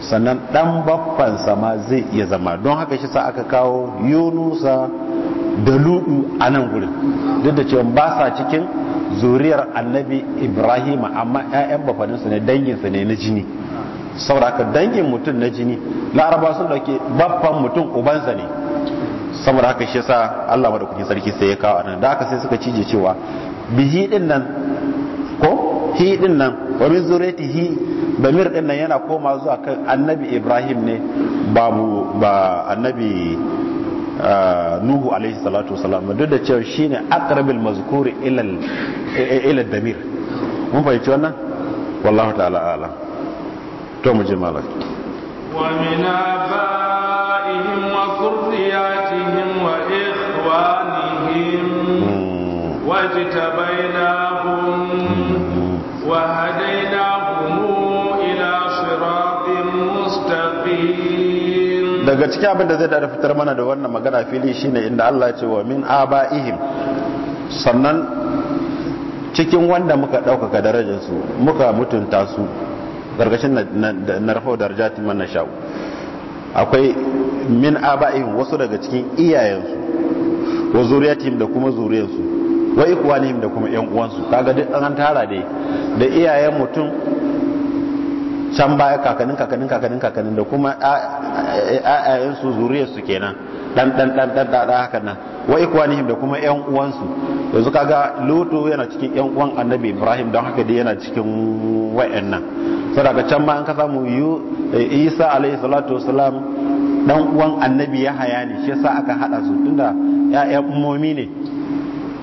sannan dan baffan ma zai iya zama don haka shi sa aka kawo yunusa da ludu a nan gurin duk da cewa ba sa cikin zuriyar annabi Ibrahim amma 'ya'yan bafaninsu ne danginsa ne na jini saboda dangin mutum na jini laraba sun dauke babban mutum ubansa ne saboda haka shi sa Allah madaukakin sarki sai ya kawo anan da aka sai suka cije cewa bihi din nan hi din nan wa min zuriyatihi bamir din nan yana koma zuwa kan annabi ibrahim ne babu ba annabi ah, nuhu alaihi salatu wasalam duk da cewa shine aqrabul mazkuri ila ila damir mun fahimci wannan wallahu ta'ala ala to mu je malak wa min abaihim wa qurriyatihim wa ikhwanihim hmm. wajtabainahum daga cikin abin da zai da fitar mana da wannan magana fili shine inda Allah ce wa min aba'ihim sannan cikin wanda muka ɗaukaka darajarsu muka mutunta su gargashin na rafau darajati man nashau akwai min aba'ihim wasu daga cikin iyayensu wa zuriyatihim da kuma zuriyarsu wa ikwanihim da kuma yan uwansu kaga duk an tara dai da iyayen mutum can baya kakanin kakanin kakanin kakanin da kuma ayayen su zuriyar su kenan dan dan dan dan dan haka nan wa ikwanihim da kuma yan uwansu yanzu kaga lutu yana cikin yan uwan annabi ibrahim don haka dai yana cikin wayannan daga can ma an ka samu isa alayhi salatu wasalam dan uwan annabi ya haya ne shi yasa aka hada su tunda ya'yan ummomi ne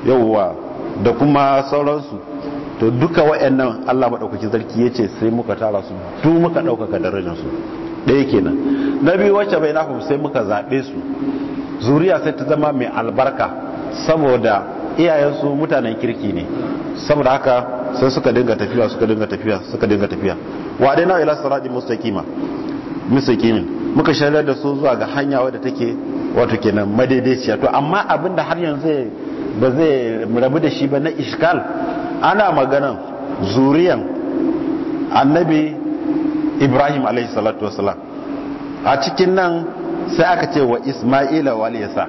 yauwa da kuma sauransu to duka wa'annan Allah madaukakin sarki ce sai muka tara su duk muka da darajar su ɗaya kenan na biyu wacce bai nafi sai muka zaɓe su zuriya sai ta zama mai albarka saboda iyayensu mutanen kirki ne saboda haka sai suka dinga tafiya suka dinga tafiya suka dinga tafiya wa dai na ila sirati mustaqima mustaqimin muka shirya da su zuwa ga hanya wadda take wato kenan madaidaiciya to amma abinda har yanzu ba zai rabu da shi ba na iskal ana maganan zuriyan annabi ibrahim alaihi salatu wasalam a cikin nan sai aka ce wa isma'ila wa aliyasa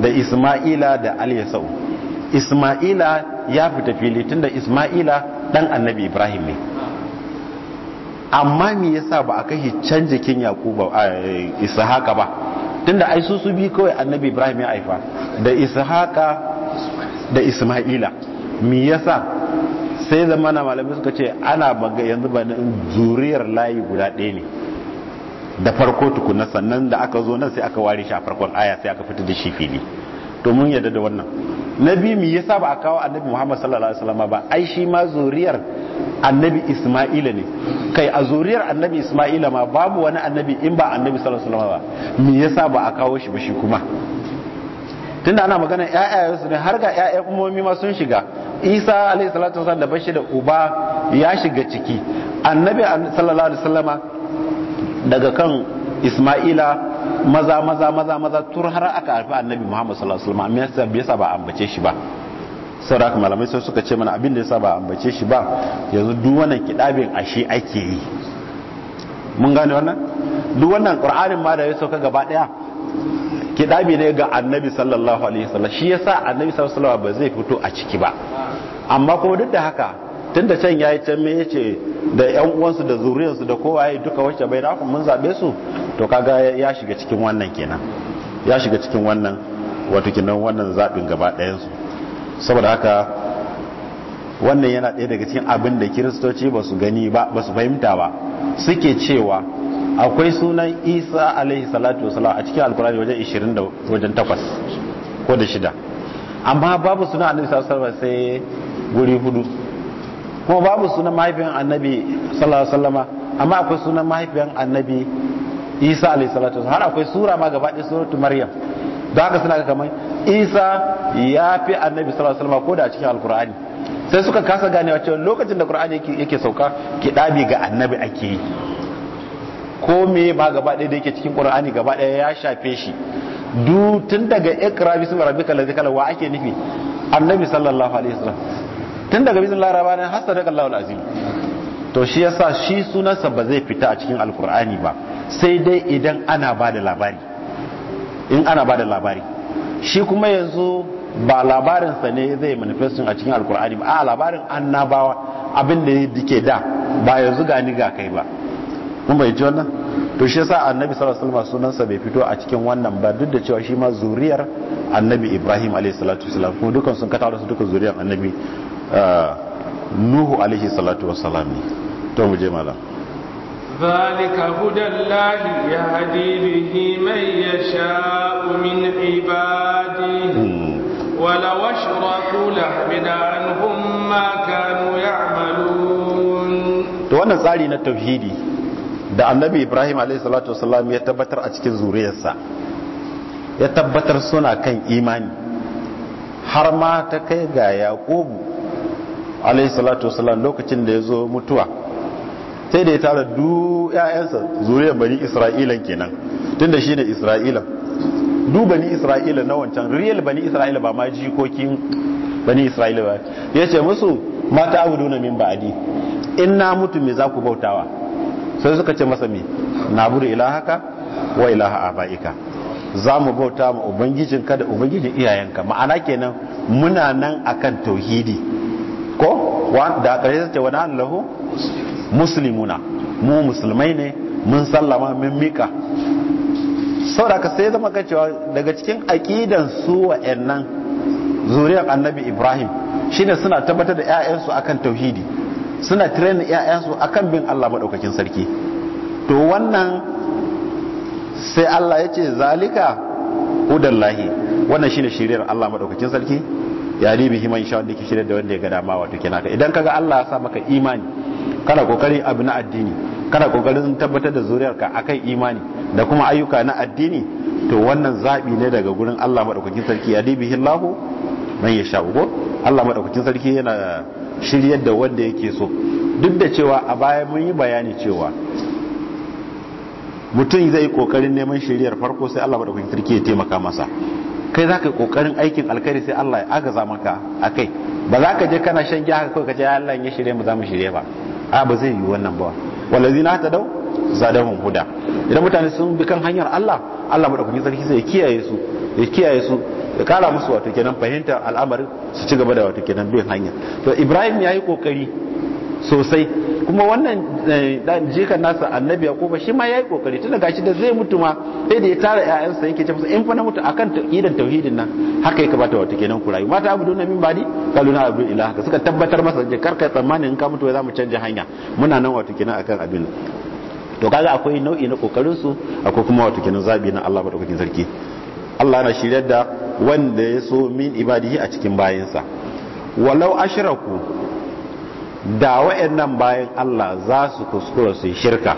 da isma'ila da aliyasau isma'ila ya fita fili da isma'ila dan annabi ibrahim ne amma me yasa ba a kai canji kin yakuba haka ba tunda ai su su bi kawai annabi ibrahim ya haifa da isa haka. da isma'ila mi yasa sai zamana malamai suka ce ana baga yanzu ba zuriyar layi guda ɗaya ne da farko tukuna sannan da aka zo nan sai aka ware shi a farkon aya sai aka fita da shi fili to mun yarda da wannan nabi mi yasa ba a kawo annabi Muhammad sallallahu alaihi wasallam ba ai shi ma zuriyar annabi Isma'ila ne kai a zuriyar annabi Isma'ila ma babu wani annabi in ba annabi sallallahu alaihi wasallam ba mi yasa ba a kawo shi ba shi kuma Tun da ana magana ƴaƴayen su ne har ga ƴaƴan umomi ma sun shiga Isa alaihi salatu wasallam da bashi da uba ya shiga ciki annabi sallallahu alaihi wasallama daga kan Isma'ila maza maza maza maza tur har aka harfi annabi Muhammad sallallahu alaihi wasallam amma yasa bai saba ambace shi ba aka malamai sai suka ce mana abin da yasa ba ambace shi ba yanzu duk wannan kidabin ashe ake yi mun gane wannan duk wannan qur'anin ma da ya sauka gaba daya kidami ne ga annabi sallallahu alaihi wasallam shi yasa annabi sallallahu alaihi wasallam ba zai fito a ciki ba amma ko duk da haka tunda can yayi can me yace da yan uwansu da zuriyarsu da kowa yayi duka wacce bai naku mun zabe su to kaga ya shiga cikin wannan kenan ya shiga cikin wannan wato kenan wannan zabin gaba ɗayan su saboda haka wannan yana ɗaya daga cikin abin da kiristoci ba su gani ba ba su fahimta ba suke cewa akwai sunan isa alaihi salatu wasalam a cikin alkurani wajen 20 da wajen 8 ko da shida amma babu sunan annabi sallallahu alaihi sai guri hudu kuma babu sunan mahaifiyan annabi sallallahu alaihi wasallama amma akwai sunan mahaifiyan annabi isa alaihi salatu wasalam har akwai sura ma gaba ɗaya suratu maryam don haka suna kamar isa ya fi annabi sallallahu alaihi wasallama ko da a cikin alkurani sai suka kasa ganewa cewa lokacin da qur'ani yake sauka kidabi ga annabi ake yi ko me ba gaba ɗaya da yake cikin qur'ani gaba ɗaya ya shafe shi du tun daga ikra bisu rabbikal ladzi kala wa ake nufi annabi sallallahu alaihi wasallam tun daga laraba ne rahim da allahul azim to shi yasa shi sunansa ba zai fita a cikin alqur'ani ba sai dai idan ana ba da labari in ana ba da labari shi kuma yanzu ba labarinsa ne zai manifestin a cikin alqur'ani ba a labarin annabawa abin da ya dike da ba yanzu gani ga kai ba kun bai ji wannan to shi yasa annabi sallallahu alaihi wasallam sunansa bai fito a cikin wannan ba duk da cewa shi ma zuriyar annabi ibrahim alaihi salatu wasallam kuma dukan sun kata su dukan zuriyar annabi uh, nuhu alaihi salatu wasallam ne to mu je malam ذلك هدى الله يهدي به من يشاء من عباده ولو اشركوا لحبنا عنهم ما كانوا يعملون to wannan tsari na tauhidi da annabi ibrahim a.s. ya tabbatar a cikin zuriyarsa ya tabbatar suna kan imani har ma ta kai ga yaƙubu a.s. lokacin da ya zo mutuwa sai da ya tara du 'ya'yansa zuriyar bani isra'ilan kenan tun da shi ne isra'ilan du bani isra'ila na wancan riyal bani isra'ila ba ma jikokin bani isra'ila ba ya ce musu mata abu duna min ba'adi in na mutu me za ku bautawa sai suka ce masa na buru ilahaka wa ilaha abaika za mu bauta ma ubangijinka da ubangijin iyayenka ma'ana kenan muna nan akan tauhidi ko da ƙarshe ce wani lahu musulmuna. mu musulmai ne mun sallama mun mika Sau aka sai zama kan cewa daga cikin aƙidan su nan, zuriyar annabi ibrahim shine suna tabbatar da 'ya'yansu akan tauhidi suna training ‘ya'yansu a kan bin Allah maɗaukakin sarki to wannan sai Allah ya ce zalika hudan lahi wannan shine shiriyar Allah maɗaukakin sarki ya ribi himan sha wanda ke shirya da wanda ya ga ma wato naka. idan kaga Allah ya sa maka imani kana kokari abu na addini kana kokarin tabbatar da zuriyarka akan imani da kuma ayyuka na addini to wannan zabi ne daga gurin Allah maɗaukakin sarki ya ribi hillahu man yasha ugo Allah maɗaukakin sarki yana shiryar da wanda yake so duk da cewa a baya mun yi bayani cewa mutum zai kokarin neman shiryar farko sai Allah madaukakin sarki ya taimaka masa kai zaka kokarin aikin alkhairi sai Allah ya agaza maka akai ba za ka je kana shan giya haka kawai ka ce Allah ya shirye mu za mu shirye ba a ba zai yi wannan ba walazina ta dau zadahum huda idan mutane sun bi kan hanyar Allah Allah madaukakin sarki sai ya kiyaye su ya kiyaye su ya kara musu wato kenan fahimtar al'amarin su ci gaba da wato kenan bin hanya to ibrahim ya yi kokari sosai kuma wannan eh, jikan nasa annabi ya kofa shi ma ya yi kokari tun daga shi da zai mutu ma sai da ya tara ƴaƴansa yake ce in fa na mutu akan tauhidin tauhidin nan haka ya kamata wato kenan ku rayu mata abudu na min badi kalu na abu ilaha Ka suka tabbatar masa je karka tsammanin in ka mutu za mu canja hanya muna nan wato kenan akan abin to kaga akwai nau'i na kokarin su akwai kuma wato kenan zabi na Allah madaukakin sarki Allah na shiryar da wanda ya so min ibadihi a cikin bayansa walau ashiraku da wa'annan bayan Allah za su kuskura su shirka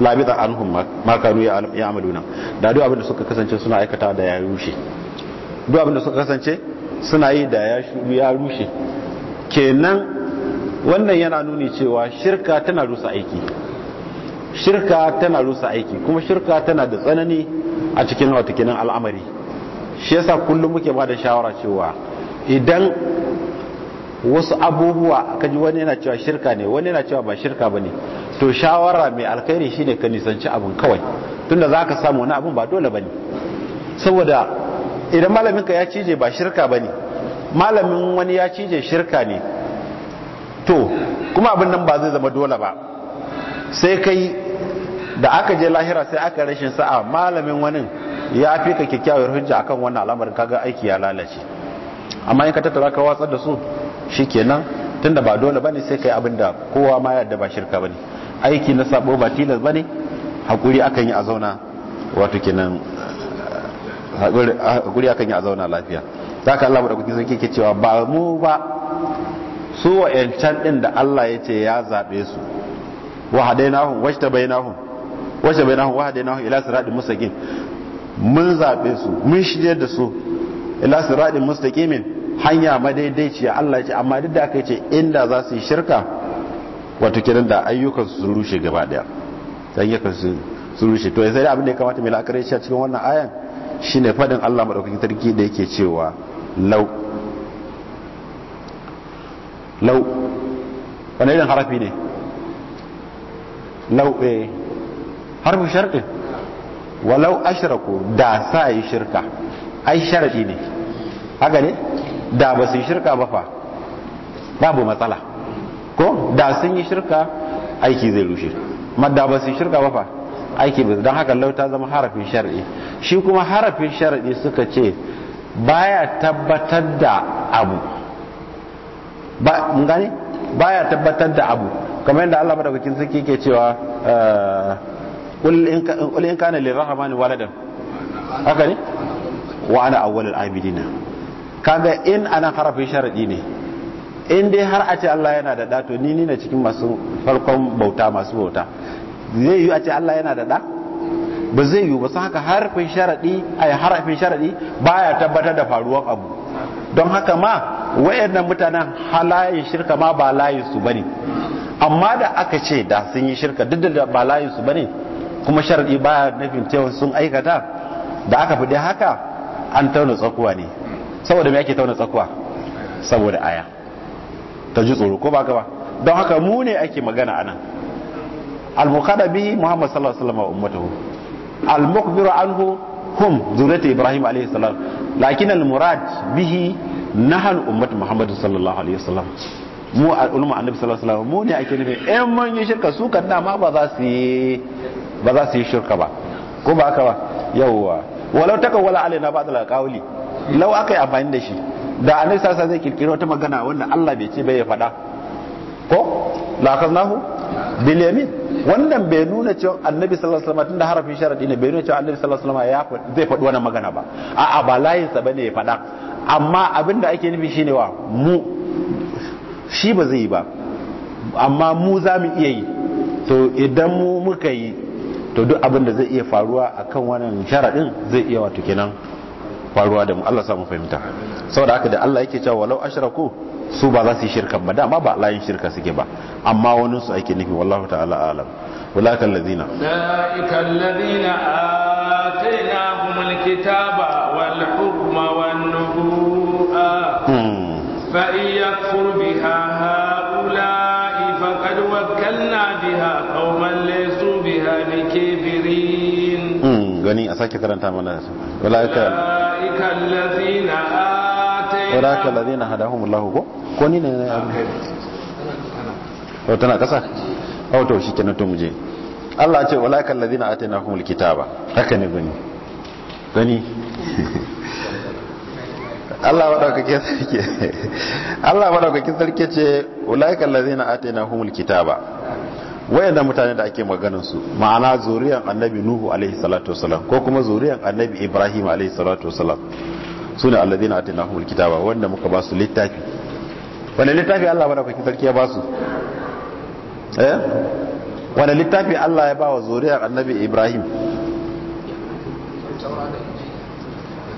labita anhum ya kanu nan da duk abin suka kasance suna aikata da ya rushe duk abin suka kasance suna yi da ya rushe kenan wannan yana nuni cewa shirka tana rusa aiki shirka tana rusa aiki kuma shirka tana da tsanani a cikin watakinan al'amari shi yasa kullum muke ba da shawara cewa idan wasu abubuwa ka ji wani yana cewa shirka ne wani yana cewa ba shirka ba ne to shawara mai alkhairi shine ka nisanci abin kawai tunda za ka samu wani abin ba dole ba ne saboda idan malaminka ya cije ba shirka ba ne malamin wani ya cije shirka ne to kuma abin nan ba zai zama dole ba sai kai da aka je lahira sai aka rashin sa'a malamin wani ya fi ka kyakkyawar hujja akan wannan al'amarin kaga aiki ya lalace amma in ka tattara ka watsar da su shikenan tunda ba dole bane sai kai abinda kowa ma yadda ba shirka bane aiki na sabo ba tilas bane hakuri akan yi a zauna wato kenan hakuri akan yi a zauna lafiya zaka Allah cewa ba mu ba su can din da Allah ya ce ya zabe su wa hadainahum wajtabainahum wajtabainahum wa hadainahum ila siratin mustaqim mun zabe su mun shirye da su ila siratin mustaqimin hanya ma madaidaiciya Allah ya ce amma duk da aka ce inda za su yi shirka wato kiran da ayyukan su rushe gaba daya ayyukan su su rushe to sai abin da ya kamata mai la'akari shi a cikin wannan ayan shine fadin Allah madaukakin sarki da yake cewa lau lau wani irin harafi ne lau eh harfin sharɗin walau ashraku da sa yi shirka ai sharaɗi ne haka ne da ba su yi shirka ba fa babu matsala ko da sun yi shirka aiki zai rushe amma da ba su yi shirka ba fa aiki ba don haka lau ta zama harafin shar'i shi kuma harafin shar'i suka ce baya tabbatar da abu ba mun gane baya tabbatar da abu kamar yadda Allah madaukakin sarki ke cewa eh, qul in kana lirrahmani waladan haka ne wa ana awwalul abidina kaga in ana harafin sharadi ne in dai har a ce Allah yana da da to ni ni na cikin masu farkon bauta masu bauta zai yi a ce Allah yana da da ba zai yi ba su haka harafin sharadi ai harafin sharadi baya tabbatar da faruwar abu don haka ma wayannan mutanen halayen shirka ma ba layin su bane amma da aka ce da sun yi shirka duk da ba layinsu ba ne kuma sharaɗi baya nufin cewa sun aikata da aka fi haka an tauna tsakuwa ne saboda me ake tauna tsakuwa saboda aya ta ji tsoro ko ba gaba don haka mu ne ake magana anan al mukada bi muhammad sallallahu alaihi wasallam wa ummatuhu al-muqbiru anhu hum zuriyat ibrahim alaihi salam lakin al-murad bihi nahal ummat muhammad sallallahu alaihi wasallam mu a ulama annabi sallallahu alaihi wasallam mu ne ake nufi in mun yi shirka su kan dama ba za su yi ba za su yi shirka ba ko ba haka ba yawwa walau wala alaina ba'd al-qawli law akai amfani da shi da annabi sallallahu alaihi zai kirkiro ta magana wanda Allah bai ce bai ya faɗa ko la kaznahu bil yamin wannan bai nuna cewa annabi sallallahu alaihi wasallam tunda harafin sharadi ne bai nuna cewa annabi sallallahu alaihi wasallam ya zai faɗi wannan magana ba a'a ba layin sa bane ya faɗa amma abinda ake nufi shine wa mu shi ba zai yi ba amma mu za mu iya yi to idan mu muka yi to duk abin da zai iya faruwa a akan wannan sharaɗin zai iya wato kenan faruwa da mu Allah samu fahimta saboda haka da Allah yake cewa walau ko su ba za su yi shirkan ba dama ba layin shirka suke ba amma wani su ake nufi wallahu ta'ala alam ulaika allazina atainahumul kitaba gani a sake karanta mana su ulaika allazina hadahumullahu ko ko ni ne oh, oh, to tana kasa to muje Allah ce kitaba haka ne gani gani <laughs> Allah wadaukakin sarki <laughs> Allah madaukakin sarki ce ulaika allazina atainahumul kitaba wayannan mutane da ake maganin su ma'ana zuriyan annabi nuhu alaihi salatu wasalam ko kuma zuriyan annabi ibrahim alaihi salatu wasalam sune alladhina atainahumul kitaba wanda muka ba su littafi wanda littafi Allah bada kwakin sarki ya ba su eh wanda littafi Allah ya ba wa zuriyan annabi ibrahim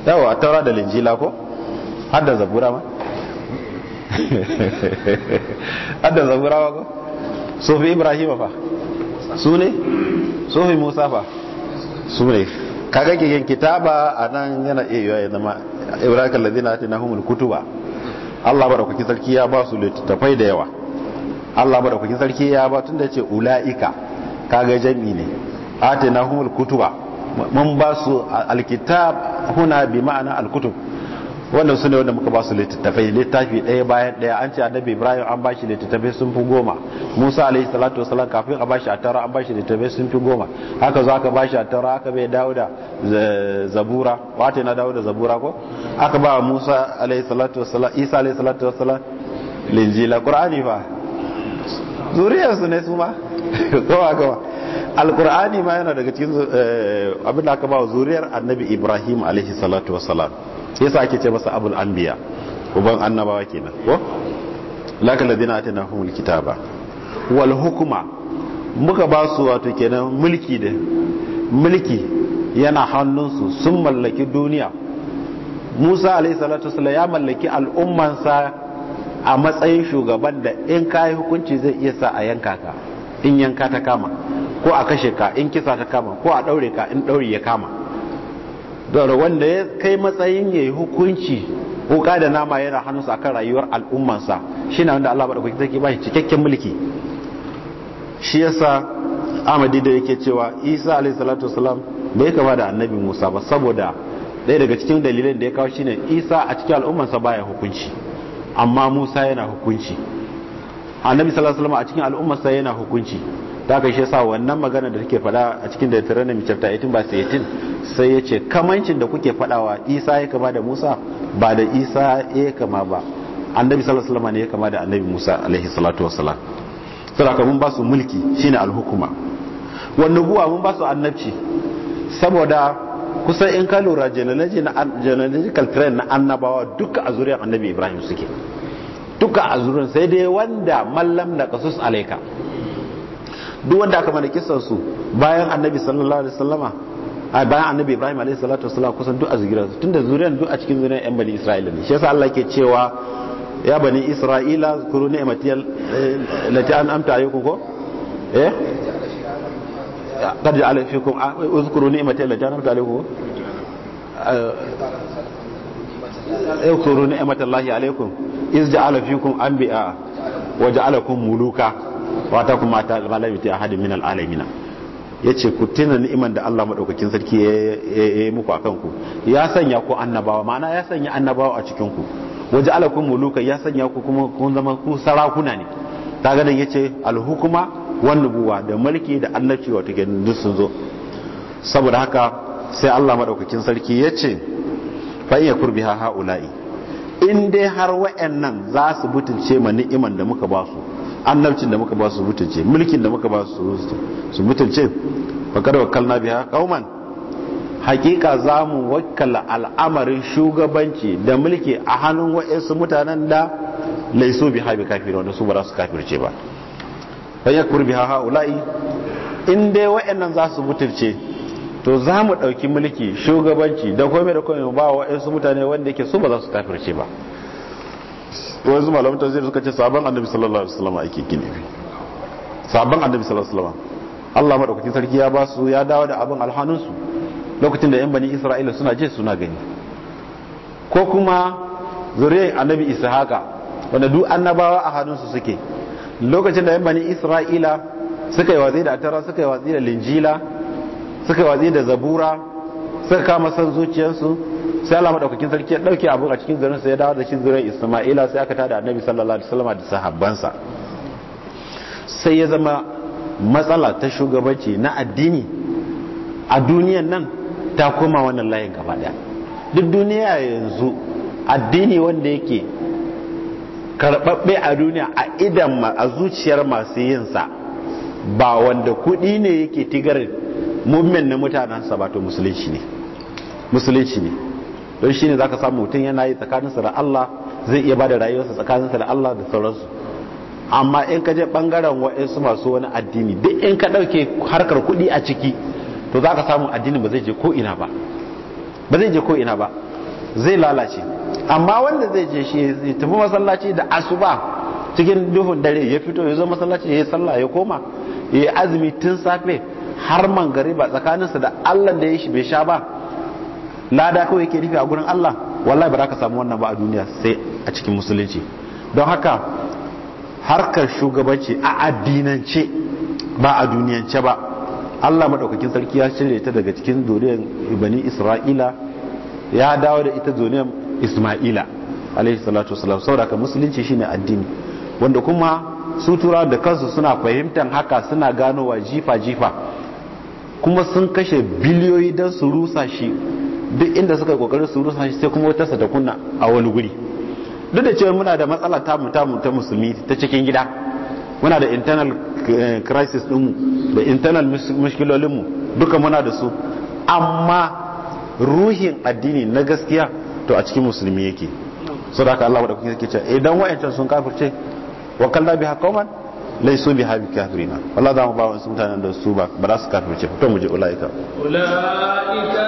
yawa a taura da linjila ko har da zabura ma <laughs> har da zabura ma ko sufi ibrahim fa su ne sufi musa fa su ne kaga kigen kitaba a nan yana iya ya zama ibrahim kalladi na allazina atinahumul kutuba Allah madaukakin sarki ya ba su littattafai da yawa Allah madaukakin sarki ya ba tun da ce ulaika kaga jami ne atinahumul kutuba mun ba su alkitab huna bi ma'ana alkutub wannan su ne wanda muka ba su littattafai littafi ɗaya bayan ɗaya an ce annabi ibrahim an bashi littattafai sun fi goma musa alaihi salatu wasalam kafin a bashi tara an bashi littattafai sun fi goma haka zo aka bashi tara aka bai Dawuda. zabura wata na Dawuda zabura ko aka ba musa alaihi salatu wasalam isa alaihi salatu wasalam linjila qur'ani fa zuriyar su ne su ma kowa <laughs> kowa alqur'ani ma yana daga cikin eh, abin da aka ba zuriyar annabi ibrahim alaihi salatu wasalam yasa ake ce masa abul anbiya uban annabawa kenan ko lakal ladina humul kitaba wal hukma muka ba su wato kenan mulki da mulki yana hannunsu sun mallaki duniya musa alaihissalatu ya mallaki al'ummansa a matsayin shugaban da in kai hukunci zai iya sa a yanka ka in yanka ta kama ko a kashe ka in kisa ta kama ko a ɗaure ka in ɗaure ya kama gara wanda ya kai matsayin ya yi hukunci wuka da nama yana hannunsa kan rayuwar al'ummansa shi na wanda Allah ba da kwakita ke bashi cikakken mulki shi yasa amadi da yake cewa isa alaihi salatu wasalam bai kama da annabi musa ba saboda ɗaya daga cikin dalilin da ya kawo shine isa a cikin al'ummansa baya hukunci amma musa yana hukunci annabi sallallahu alaihi wasallam a cikin al'ummarsa yana hukunci ta kai shi yasa wannan magana da take fada a cikin da Deuteronomy chapter 18 ba 18 sai ya ce kamancin da kuke fadawa Isa ya kama da Musa ba da Isa ya kama ba annabi sallallahu alaihi wasallam ne ya kama da annabi Musa alaihi salatu wassalam saboda mun ba su mulki shine alhukuma wannan huwa mun ba su annabci saboda kusan in ka lura na genealogical trend na annabawa duka a zuriyar annabi Ibrahim suke duka a zuriyar sai dai wanda mallam da kasus alaika duk wanda aka mana kisan su bayan annabi sallallahu alaihi wasallama a bayan annabi ibrahim alaihi salatu wasallam kusan duk a zuriyar su tunda zuriyar duk a cikin zuriyar yan bani isra'ila ne shi yasa Allah yake cewa ya bani isra'ila zkuru ni'mati eh, lati an'amta alaykum ko eh qad ja'ala fikum uzkuru ni'mati lati an'amta amta alaykum ko eh, ni'mati allahi alaykum iz إذ جعل anbiya wa ja'alakum muluka wata kuma ta malami ta ahadin min Ya yace ku tuna ni'iman da Allah madaukakin sarki ya yi muku a kanku. ya sanya ku annabawa ma'ana ya sanya annabawa a cikin ku waje alakum muluka ya sanya ku kuma kun zama ku sarakuna ne Ta kaga nan yace alhukuma wan nubuwa da mulki da annabci wato ke duk sun zo saboda haka sai Allah madaukakin sarki yace fa iya kurbiha haula'i in dai har wa'annan za su butulce ma ni'iman da muka ba su annabcin da muka ba su mutunce mulkin da muka ba su mutunce fakar na biya kauman hakika za mu wakala al'amarin shugabanci da mulki a hannun wa'insu mutanen da laiso bi haɓe kafin wanda su ba za su kafirce ba bayan kurbi ha ha'ula'i in dai wa'annan za su mutunce to za mu ɗauki mulki shugabanci da kome da kome ba wa'insu mutane wanda yake su ba za su kafirce ba to yanzu malamin tafsir suka ce sabon annabi sallallahu alaihi wasallam ake gine bi sabon annabi sallallahu alaihi wasallam Allah madaukakin sarki ya ba su ya dawo da abin alhanun su lokacin da yan bani Isra'ila suna je suna gani ko kuma zuriyar annabi Ishaqa wanda duk annabawa a hannun su suke lokacin da yan bani Isra'ila suka yi watsi da atara suka yi watsi da linjila suka yi watsi da zabura sai kama san zuciyarsu sai Allah madaukakin sarki ya dauke abun a cikin zurin sai ya dawo da shi zurin Isma'ila sai aka tada Annabi sallallahu alaihi wasallam da sahabbansa sai ya zama matsala ta shugabanci na addini a duniyan nan ta koma wannan layin gaba daya duk duniya yanzu addini wanda yake karbabbe a duniya a idan a zuciyar masu yinsa ba wanda kuɗi ne yake tigarin movement na mutanen sa ba to musulunci ne musulunci ne don shine zaka samu mutum yana yi tsakaninsa da Allah zai iya bada rayuwarsa tsakaninsa da Allah da sauransu amma in ka je bangaren wa'ansu masu wani addini duk in ka dauke harkar kuɗi a ciki to zaka samu addinin ba zai je ko ina ba ba zai je ko ina ba zai lalace amma wanda zai je shi ya tafi masallaci da asuba cikin duhun dare ya fito ya zo masallaci ya yi sallah ya koma ya azumi tun safe har ba tsakaninsa da Allah da ya shi bai sha ba lada kawai yake nufi a gurin Allah wallahi ba za ka samu wannan ba a duniya sai a cikin musulunci don haka harkar shugabanci a addinance ba a duniyance ba Allah maɗaukakin sarki ya cire ta daga cikin zuriyar bani Isra'ila ya dawo da ita zuriyar Isma'ila alaihi salatu wasalam saboda ka musulunci shine addini wanda kuma su tura da kansu suna fahimtar haka suna gano wa jifa jifa kuma sun kashe biliyoyi don su rusa shi duk inda suka kokarin su rusa shi sai kuma wata sa ta kunna a wani guri duk da cewa muna da matsala tamu tamu ta musulmi ta cikin gida muna da internal eh, crisis dinmu da internal mushkilolinmu duka muna da su amma ruhin addini na gaskiya to a cikin musulmi yake so da haka Allah wadda kuke cewa idan wayancin sun kafirce wa kallabi haqaman laisu bi habi kafirina Allah za mu ba wasu mutanen da su ba ba za su kafirce to mu je ulaika ulaika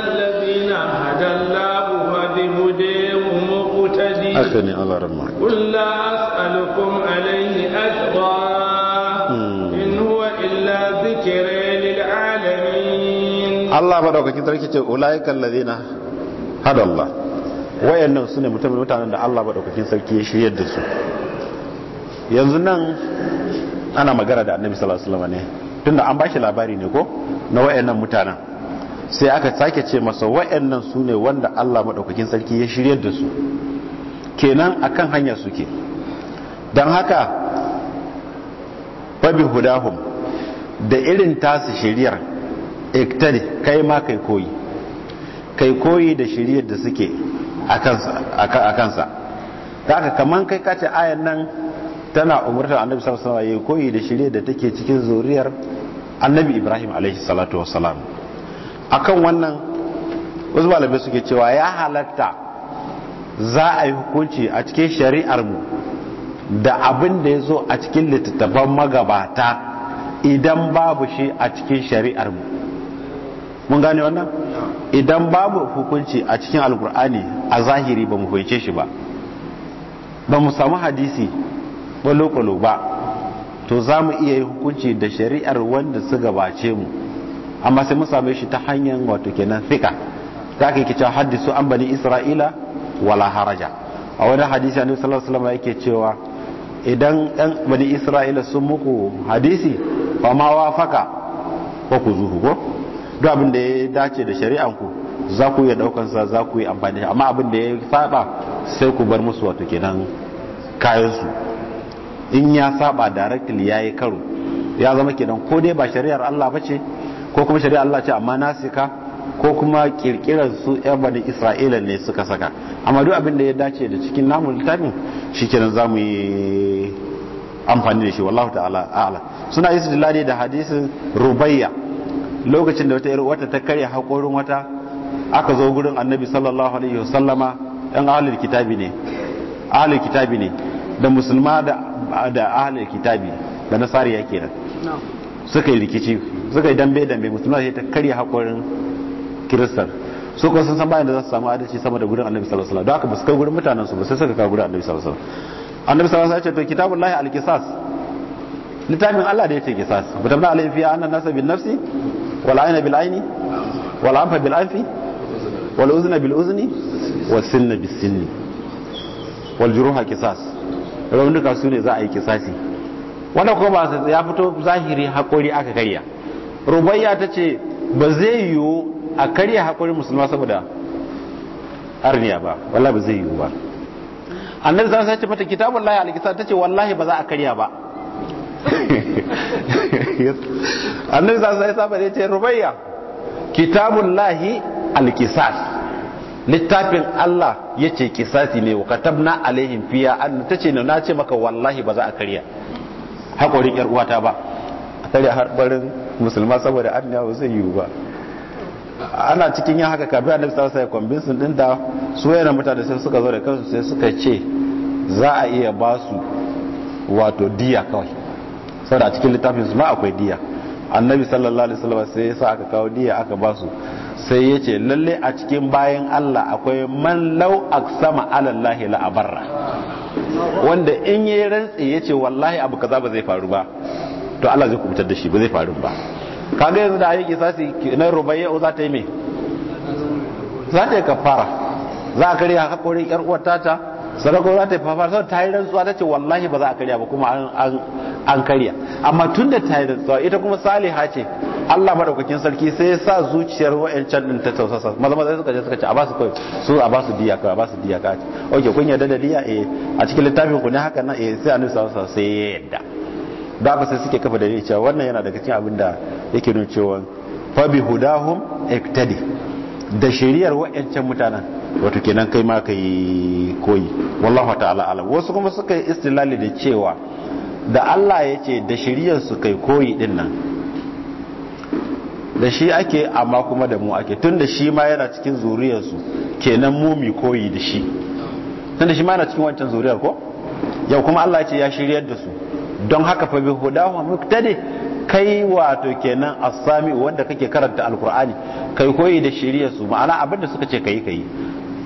hadallahu wa bi hudayhim muqtadi akani Allah rahman qul la alayhi ajra in illa dhikra lil alamin Allah madaukakin sarki ce sune mutanen da Allah sarki ya shiryar da su yanzu nan ana magana da annabi sallallahu alaihi wasallam ne tunda an bashi labari ne ko na wayannan mutanen sai aka sake ce masa wayannan su ne wanda Allah madaukakin sarki ya shirye da su kenan akan hanyar suke dan haka fabi hudahum da irin tasu shiriyar iktali kai ma kai koyi kai koyi da shiriyar da suke a kansa da aka kaman kai kace ayan nan tana umurta annabi sallallahu alaihi wasallam ya koyi da shirye da take cikin zuriyar annabi ibrahim alaihi salatu wassalam akan wannan wasu malamai suke cewa ya halatta za a yi hukunci a cikin shari'ar mu da abin da ya zo a cikin littattafan magabata idan babu shi a cikin shari'ar mu mun gane wannan idan babu hukunci a cikin alkur'ani a zahiri ba mu fahimce shi ba ba mu samu hadisi kwalo-kwalo ba to za mu iya yi hukunci da shari'ar wanda su gabace mu amma sai mu same shi ta hanyar wato kenan fika za ka yi haddisu an bani isra'ila wala haraja a wani hadisi annabi sallallahu alaihi yake cewa idan ɗan bani isra'ila sun muku hadisi fa ma wafaka ko ku zuhu ko duk abin da ya dace da shari'an ku za ku iya daukan za ku yi amfani amma abin da ya faɗa sai ku bar musu wato kenan kayan su in ya saba directly yi karo ya zama kenan ko dai ba shari'ar Allah ba ce ko kuma shari'ar Allah ce amma nasika ko kuma kirkirar su yan bani Isra'ila ne suka saka amma duk abin da ya dace da cikin namu littafin za mu yi amfani da shi wallahu ta'ala a'la suna istidlali da hadisin rubayya lokacin da wata yar wata ta karya haƙorin wata aka zo gurin annabi sallallahu alaihi wasallama ɗan ahlul kitabi ne ahlul kitabi ne da musulma da da ahlul kitabi da nasariya kenan suka yi rikici suka yi dambe dambe musulmai ta karya hakorin kiristan su kuma sun san bayan da za su samu adalci sama da gurin annabi sallallahu alaihi wasallam don haka ba su kai gurin mutanen su ba sai suka kawo gurin annabi sallallahu alaihi wasallam annabi sallallahu alaihi wasallam ya ce to kitabullahi alqisas littafin Allah da ya ce kisas mutum na alayhi fi annan nasa bin nafsi wal aina bil aini wal anfa bil anfi wal uzna bil uzni was sinna bis sinni wal juruha qisas raunuka su ne za a yi kisasi wanda kuma ba ya fito zahiri haƙori aka karya rubayya ta ce ba zai yiwu a karya haƙorin musulma saboda arniya ba wala ba zai yiwu ba annabi sallallahu alaihi ce mata kitabun lahi alkisa ta ce wallahi ba za a karya ba <laughs> annabi sallallahu alaihi wasallam ya ce rubayya kitabun lahi al littafin Allah ya ce kisasi ne wa katabna alaihim fiya an ta ce na ce maka wallahi ba za a karya haƙorin yar uwata ba a karya harbarin musulma saboda annabi ba zai yiwu ba ana cikin yin haka kafin annabi sallallahu alaihi wasallam convince din da su yana mutane sai suka zo da kansu sai suka ce za a iya ba su wato diya kawai saboda a cikin littafin su ma akwai diya annabi sallallahu alaihi wasallam sai ya sa aka kawo diya aka ba su sai ya ce lalle a cikin bayan Allah akwai man lau aksama alallahi barra. wanda in yi rantsi ya ce wallahi abu kaza ba zai faru ba to Allah zai kubutar da shi ba zai faru ba kaga yanzu da ayyuki sasi na rubayya za ta yi me za ta yi kafara za a karya hakorin yar uwar tata sarako za ta yi kafara sau ta yi rantsuwa ta ce wallahi ba za a karya ba kuma an karya amma tun da ta yi rantsuwa ita kuma saliha ce Allah madaukakin sarki sai ya sa zuciyar wa'ancan din ta tausasa maza maza suka je suka ce a basu kai su a basu diya ka a basu diya ka oke kun yarda da diya eh a cikin littafin ku ne haka nan eh sai annabi sallallahu alaihi wasallam sai ya yarda da ba sai suke kafa dalili cewa wannan yana daga cikin abin da yake nuna cewa fa bi hudahum iktadi da shiriyar wa'ancan mutanen wato kenan kai ma kai koyi wallahu ta'ala ala wasu kuma suka yi istilali da cewa da Allah ya ce da shiriyar su kai koyi din nan da shi ake amma kuma da mu ake tun da shi ma yana cikin zuriyarsu kenan mu mi koyi da shi tun da shi ma yana cikin wancan zuriyar ko yau kuma Allah ya ce ya shiryar da su don haka fa bi hudahu muktadi kai wato kenan asami wanda kake karanta alkur'ani kai koyi da shiriyar su ma'ana abin da suka ce kai kai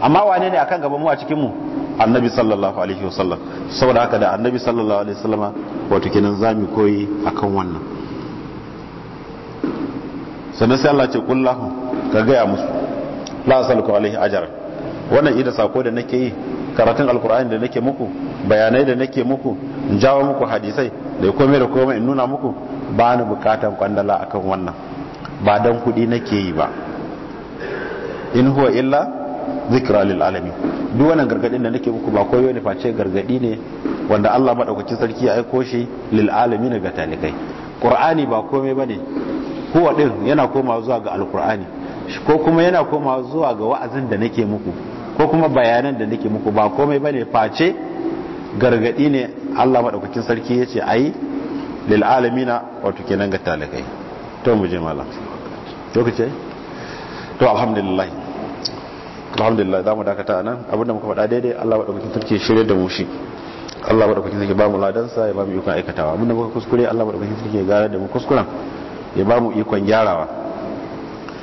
amma wane ne akan gaban mu a cikin mu annabi sallallahu alaihi wasallam saboda haka da annabi sallallahu alaihi wasallama wato kenan zamu koyi akan wannan sannan sai Allah ce kullahu ka gaya musu la asalku alaihi ajran wannan ida sako da nake yi karatun alkur'ani da nake muku bayanai da nake muku in jawo muku hadisai da komai da komai in nuna muku ba ni bukatan kwandala akan wannan ba dan kudi nake yi ba in huwa illa zikra lil alamin duk wannan gargadin da nake muku ba koyo ne face gargadi ne wanda Allah madaukakin sarki ya aiko shi lil alamin ga talikai qur'ani ba komai bane kowa ɗin yana komawa zuwa ga alkur'ani ko kuma yana komawa zuwa ga wa'azin da nake muku ko kuma bayanan da nake muku ba komai bane face gargadi ne Allah madaukakin sarki yace a lil alamina wato kenan ga talakai to mu je mallam to kace to alhamdulillah alhamdulillah mu dakata anan abinda muka faɗa daidai Allah madaukakin sarki shirye da mu shi Allah madaukakin sarki ba mu ladansa ya ba mu ikon aikatawa abinda muka kuskure Allah madaukakin sarki ya gara da mu kuskuren ya ba mu ikon gyarawa